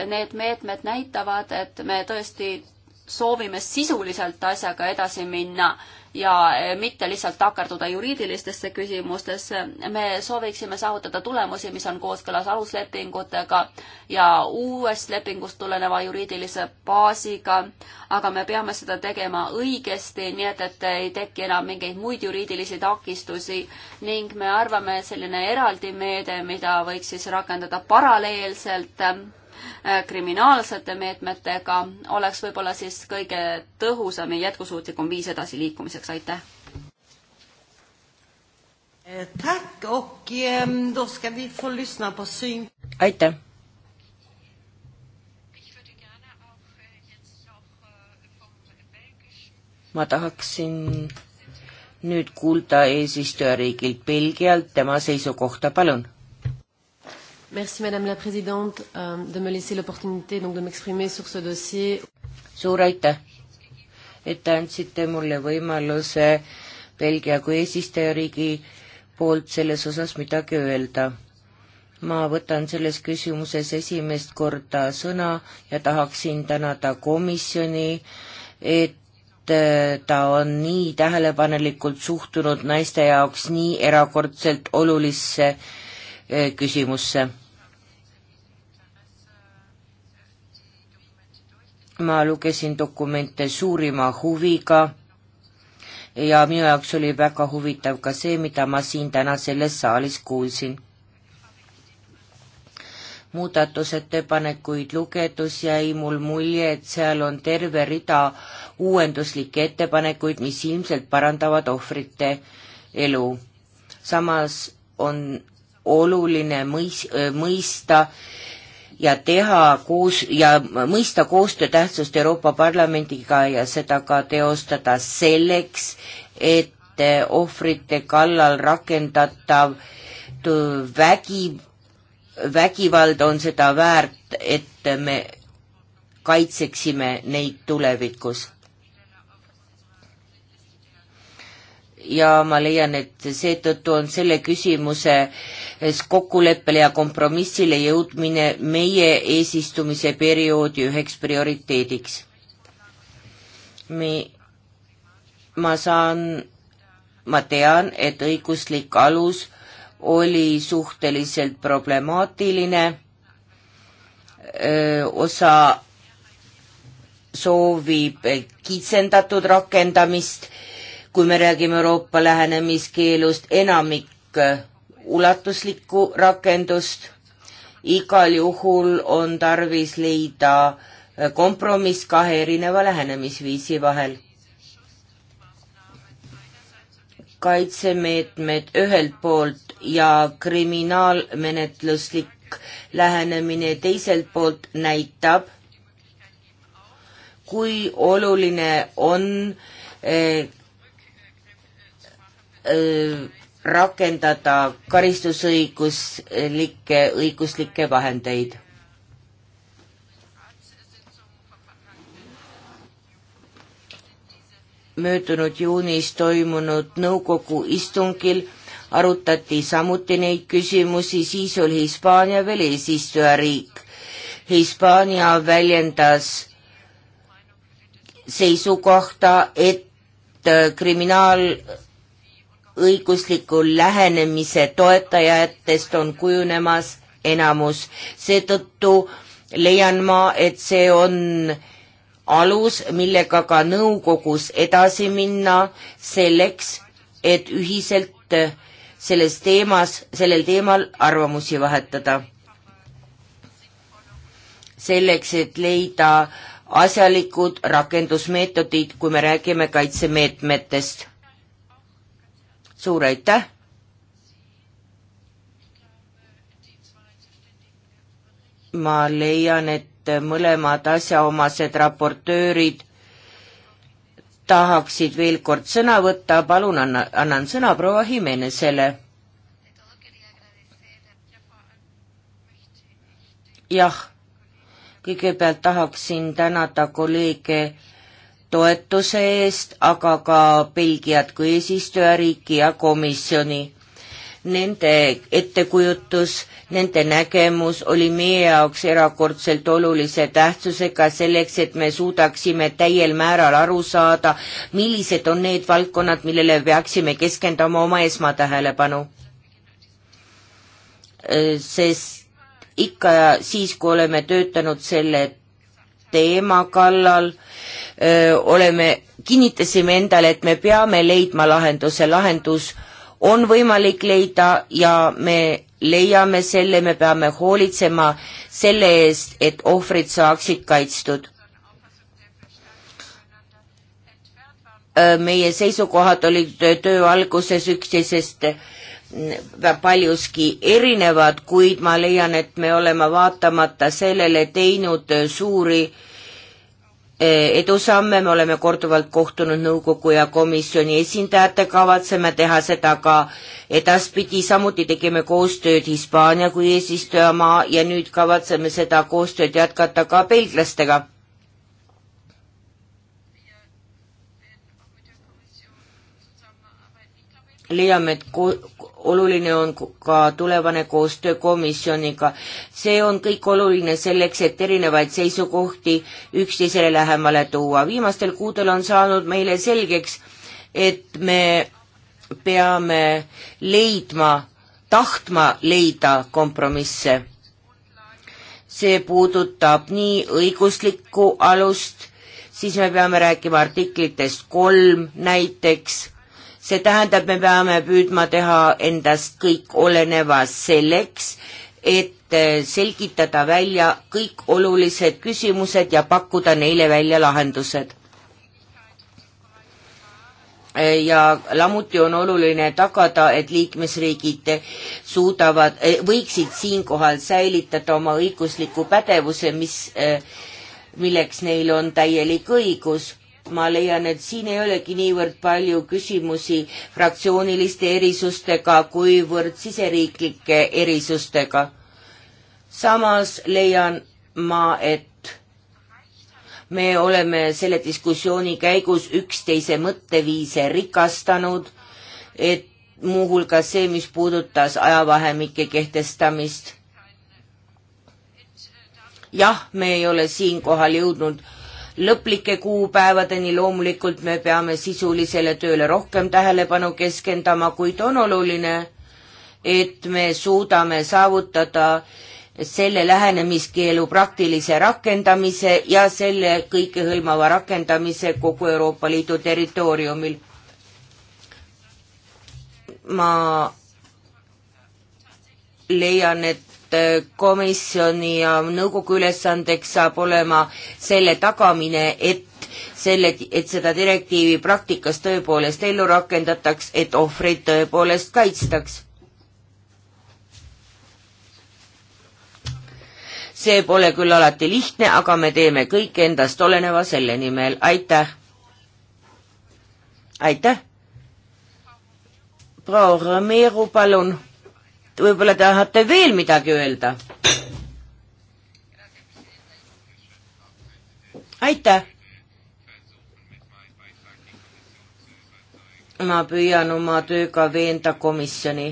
need meetmed näitavad, et me tõesti soovime sisuliselt asjaga edasi minna ja eh, mitte lihtsalt takerduda juriidilistesse küsimustesse. me sooviksime saavutada tulemusi, mis on kooskõlas aluslepingutega ja uuest lepingust tuleneva juriidilise baasiga, aga me peame seda tegema õigesti, nii et, et ei teki enam mingeid muid juriidilisi takistusi ning me arvame, et selline eraldi meede, mida võiks siis rakendada paralleelselt Äh, kriminaalsete meetmetega, oleks võib-olla siis kõige tõhusam ja jätkusuutlikum viis edasiliikumiseks, aitäh! Eh, ehm, aitäh! ma tahaksin nüüd kuulda eesistujariigilt Belgialt tema seisukohta, palun Merci, madame la présidente, euh, de me laisser l'opportunité donc de m'exprimer sur ce dossier. suur aitäh, et te andsite mulle võimaluse Belgia kui eesistujariigi poolt selles osas midagi öelda. ma võtan selles küsimuses esimest korda sõna ja tahaksin tänada komisjoni, et äh, ta on nii tähelepanelikult suhtunud naiste jaoks nii erakordselt olulisse Eh, küsimusse. ma lugesin dokumente suurima huviga ja minu jaoks oli väga huvitav ka see, mida ma siin täna selles saalis kuulsin. muudatusettepanekuid lugedes jäi mul mulje, et seal on terve rida uuenduslikke ettepanekuid, mis ilmselt parandavad ohvrite elu. samas on oluline mõis, mõista ja teha koos ja mõista koostöö tähtsust Euroopa Parlamendiga ja seda ka teostada selleks, et ohvrite kallal rakendatav vägi, vägivald on seda väärt, et me kaitseksime neid tulevikus ja ma leian, et seetõttu on selle küsimuse kokkuleppele ja kompromissile jõudmine meie eesistumise perioodi üheks prioriteediks. me, ma saan, ma tean, et õiguslik alus oli suhteliselt problemaatiline, osa soovib kitsendatud rakendamist kui me räägime Euroopa lähenemiskeelust, enamik äh, ulatuslikku rakendust, igal juhul on tarvis leida äh, kompromiss kahe erineva lähenemisviisi vahel. kaitsemeetmed ühelt poolt ja kriminaalmenetluslik lähenemine teiselt poolt näitab, kui oluline on äh, Äh, rakendada karistusõiguslikke, õiguslikke vahendeid. möödunud juunis toimunud nõukogu istungil arutati samuti neid küsimusi, siis oli Hispaania veel eesistujariik. Hispaania väljendas seisukohta, et äh, kriminaal õigusliku lähenemise toetajatest on kujunemas enamus. seetõttu leian ma, et see on alus, millega ka nõukogus edasi minna selleks, et ühiselt selles teemas, sellel teemal arvamusi vahetada. selleks, et leida asjalikud rakendusmeetodid, kui me räägime kaitsemeetmetest suur aitäh. ma leian, et mõlemad asjaomased raportöörid tahaksid veel kord sõna võtta, palun anna, annan sõna proua Jimenezele. jah, kõigepealt tahaksin tänada kolleege toetuse eest, aga ka Belgiat kui eesistujariiki ja komisjoni. Nende ettekujutus, nende nägemus oli meie jaoks erakordselt olulise tähtsusega selleks, et me suudaksime täiel määral aru saada, millised on need valdkonnad, millele peaksime keskenduma oma esmatähelepanu. sest ikka siis, kui oleme töötanud selle teema kallal, oleme, kinnitasime endale, et me peame leidma lahenduse, lahendus on võimalik leida ja me leiame selle, me peame hoolitsema selle eest, et ohvrid saaksid kaitstud. meie seisukohad olid töö alguses üksteisest paljuski erinevad, kuid ma leian, et me oleme vaatamata sellele teinud suuri äh, Eh, edusamme, me oleme korduvalt kohtunud nõukogu ja komisjoni esindajatega, kavatseme teha seda ka edaspidi, samuti tegime koostööd Hispaania kui eesistujamaa ja nüüd kavatseme seda koostööd jätkata ka belglastega. leiame, et ko-, oluline on ka tulevane koostöö komisjoniga. see on kõik oluline selleks, et erinevaid seisukohti üksteisele lähemale tuua. viimastel kuudel on saanud meile selgeks, et me peame leidma, tahtma leida kompromisse. see puudutab nii õiguslikku alust, siis me peame rääkima artiklitest kolm näiteks see tähendab, me peame püüdma teha endast kõik oleneva selleks, et eh, selgitada välja kõik olulised küsimused ja pakkuda neile välja lahendused. Eh, ja lammuti on oluline tagada, et liikmesriigid suudavad, eh, võiksid siinkohal säilitada oma õigusliku pädevuse, mis, milleks neil on täielik õigus ma leian, et siin ei olegi niivõrd palju küsimusi fraktsiooniliste erisustega, kuivõrd siseriiklike erisustega. samas leian ma, et me oleme selle diskussiooni käigus üksteise mõtteviise rikastanud, et muuhulgas see, mis puudutas ajavahemike kehtestamist. jah, me ei ole siinkohal jõudnud lõplike kuupäevadeni loomulikult me peame sisulisele tööle rohkem tähelepanu keskendama, kuid on oluline, et me suudame saavutada selle lähenemiskeelu praktilise rakendamise ja selle kõikehõlmava rakendamise kogu Euroopa Liidu territooriumil. ma leian, et Äh, komisjoni ja nõukogu ülesandeks saab olema selle tagamine, et selle, et seda direktiivi praktikas tõepoolest ellu rakendataks, et ohvreid tõepoolest kaitstaks. see pole küll alati lihtne, aga me teeme kõik endast oleneva selle nimel, aitäh! aitäh! proua Romero, palun võib-olla tahate veel midagi öelda? aitäh! ma püüan oma tööga veenda komisjoni.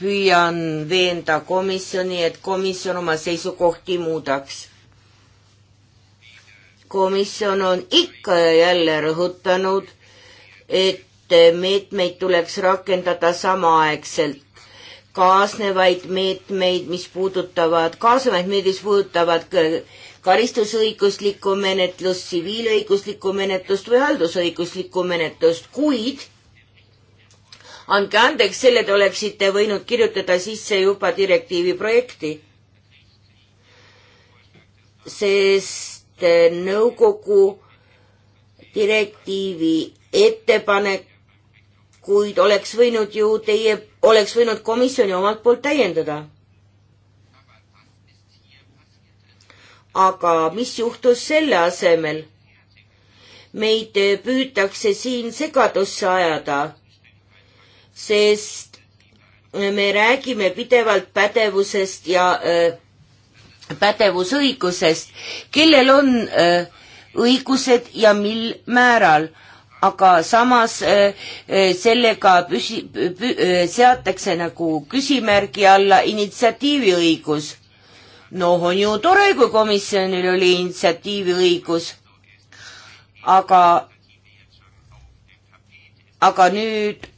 püüan veenda komisjoni, et komisjon oma seisukohti muudaks. komisjon on ikka ja jälle rõhutanud et meetmeid tuleks rakendada samaaegselt. kaasnevaid meetmeid, mis puudutavad, kaasnevaid meetmeid, mis puudutavad karistusõiguslikku menetlust, tsiviilõiguslikku menetlust või haldusõiguslikku menetlust, kuid andke andeks, selle te oleksite võinud kirjutada sisse juba direktiivi projekti. sest nõukogu direktiivi ettepanekuid oleks võinud ju teie, oleks võinud komisjoni omalt poolt täiendada. aga mis juhtus selle asemel? meid püütakse siin segadusse ajada, sest me räägime pidevalt pädevusest ja öö, äh, pädevusõigusest, kellel on öö, äh, õigused ja mil määral aga samas eh, eh, sellega püsi-, pü, eh, seatakse nagu küsimärgi alla initsiatiiviõigus. noh, on ju tore, kui komisjonil oli initsiatiiviõigus, aga, aga nüüd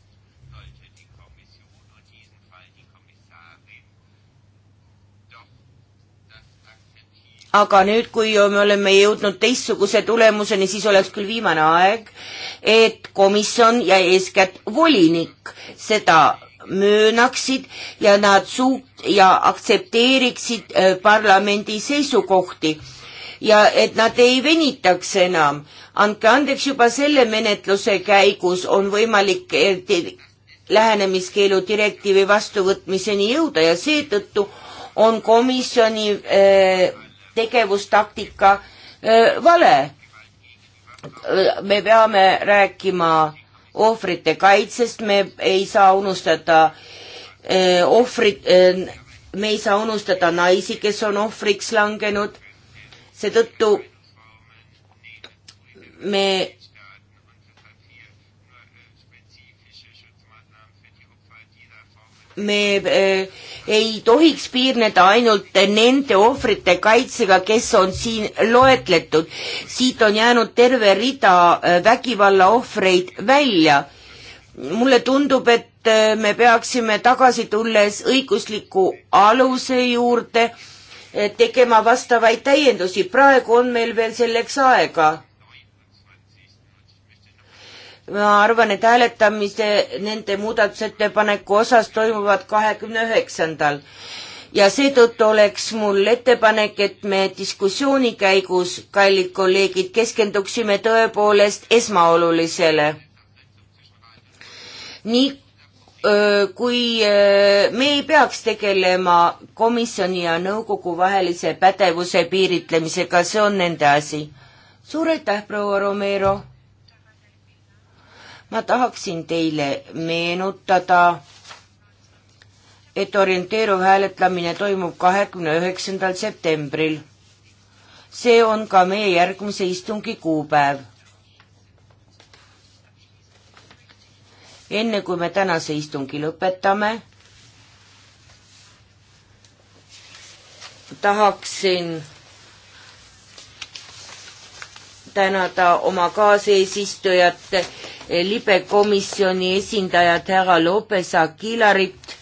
aga nüüd, kui me oleme jõudnud teistsuguse tulemuseni, siis oleks küll viimane aeg, et komisjon ja eeskätt volinik seda möönaksid ja nad suut- ja aktsepteeriksid äh, parlamendi seisukohti ja et nad ei venitaks enam. andke andeks, juba selle menetluse käigus on võimalik äh, lähenemiskeelu direktiivi vastuvõtmiseni jõuda ja seetõttu on komisjoni äh, tegevustaktika vale. me peame rääkima ohvrite kaitsest, me ei saa unustada ohvrit, me ei saa unustada naisi, kes on ohvriks langenud. seetõttu me me eh, ei tohiks piirneda ainult nende ohvrite kaitsega, kes on siin loetletud. siit on jäänud terve rida eh, vägivalla ohvreid välja. mulle tundub, et eh, me peaksime tagasi tulles õigusliku aluse juurde tegema vastavaid täiendusi, praegu on meil veel selleks aega ma arvan, et hääletamise nende muudatusettepaneku osas toimuvad kahekümne üheksandal ja seetõttu oleks mul ettepanek, et me diskussiooni käigus, kallid kolleegid, keskenduksime tõepoolest esmaolulisele. nii kui me ei peaks tegelema komisjoni ja nõukogu vahelise pädevuse piiritlemisega, see on nende asi. suur aitäh, proua Romero! ma tahaksin teile meenutada, et orienteeruv hääletamine toimub kahekümne üheksandal septembril. see on ka meie järgmise istungi kuupäev. enne kui me tänase istungi lõpetame, tahaksin tänada oma kaaseesistujat libekomisjoni esindajat härra Lopes Aguilarit,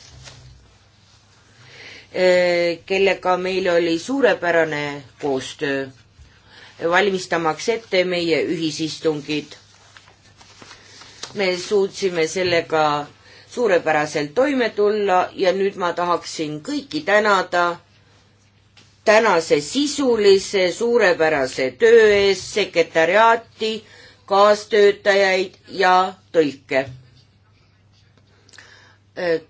eh, kellega meil oli suurepärane koostöö, valmistamaks ette meie ühisistungid. me suutsime sellega suurepäraselt toime tulla ja nüüd ma tahaksin kõiki tänada tänase sisulise suurepärase töö eest sekretariaati, kaastöötajaid ja tõlke. Äh,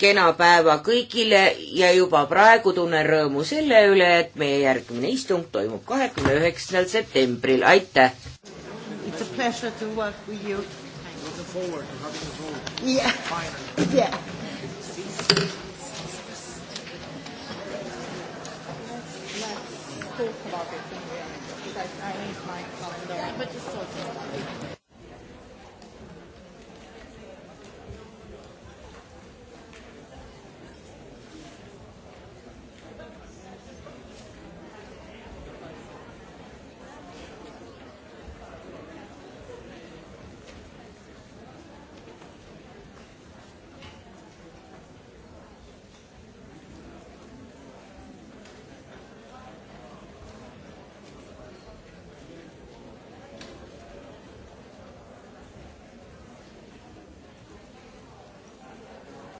kena päeva kõigile ja juba praegu tunnen rõõmu selle üle, et meie järgmine istung toimub kahekümne üheksandal septembril, aitäh! It's a pleasure to work with you. Looking forward to having you home. Yeah. Finally. Yeah. Let's talk about it. Because I need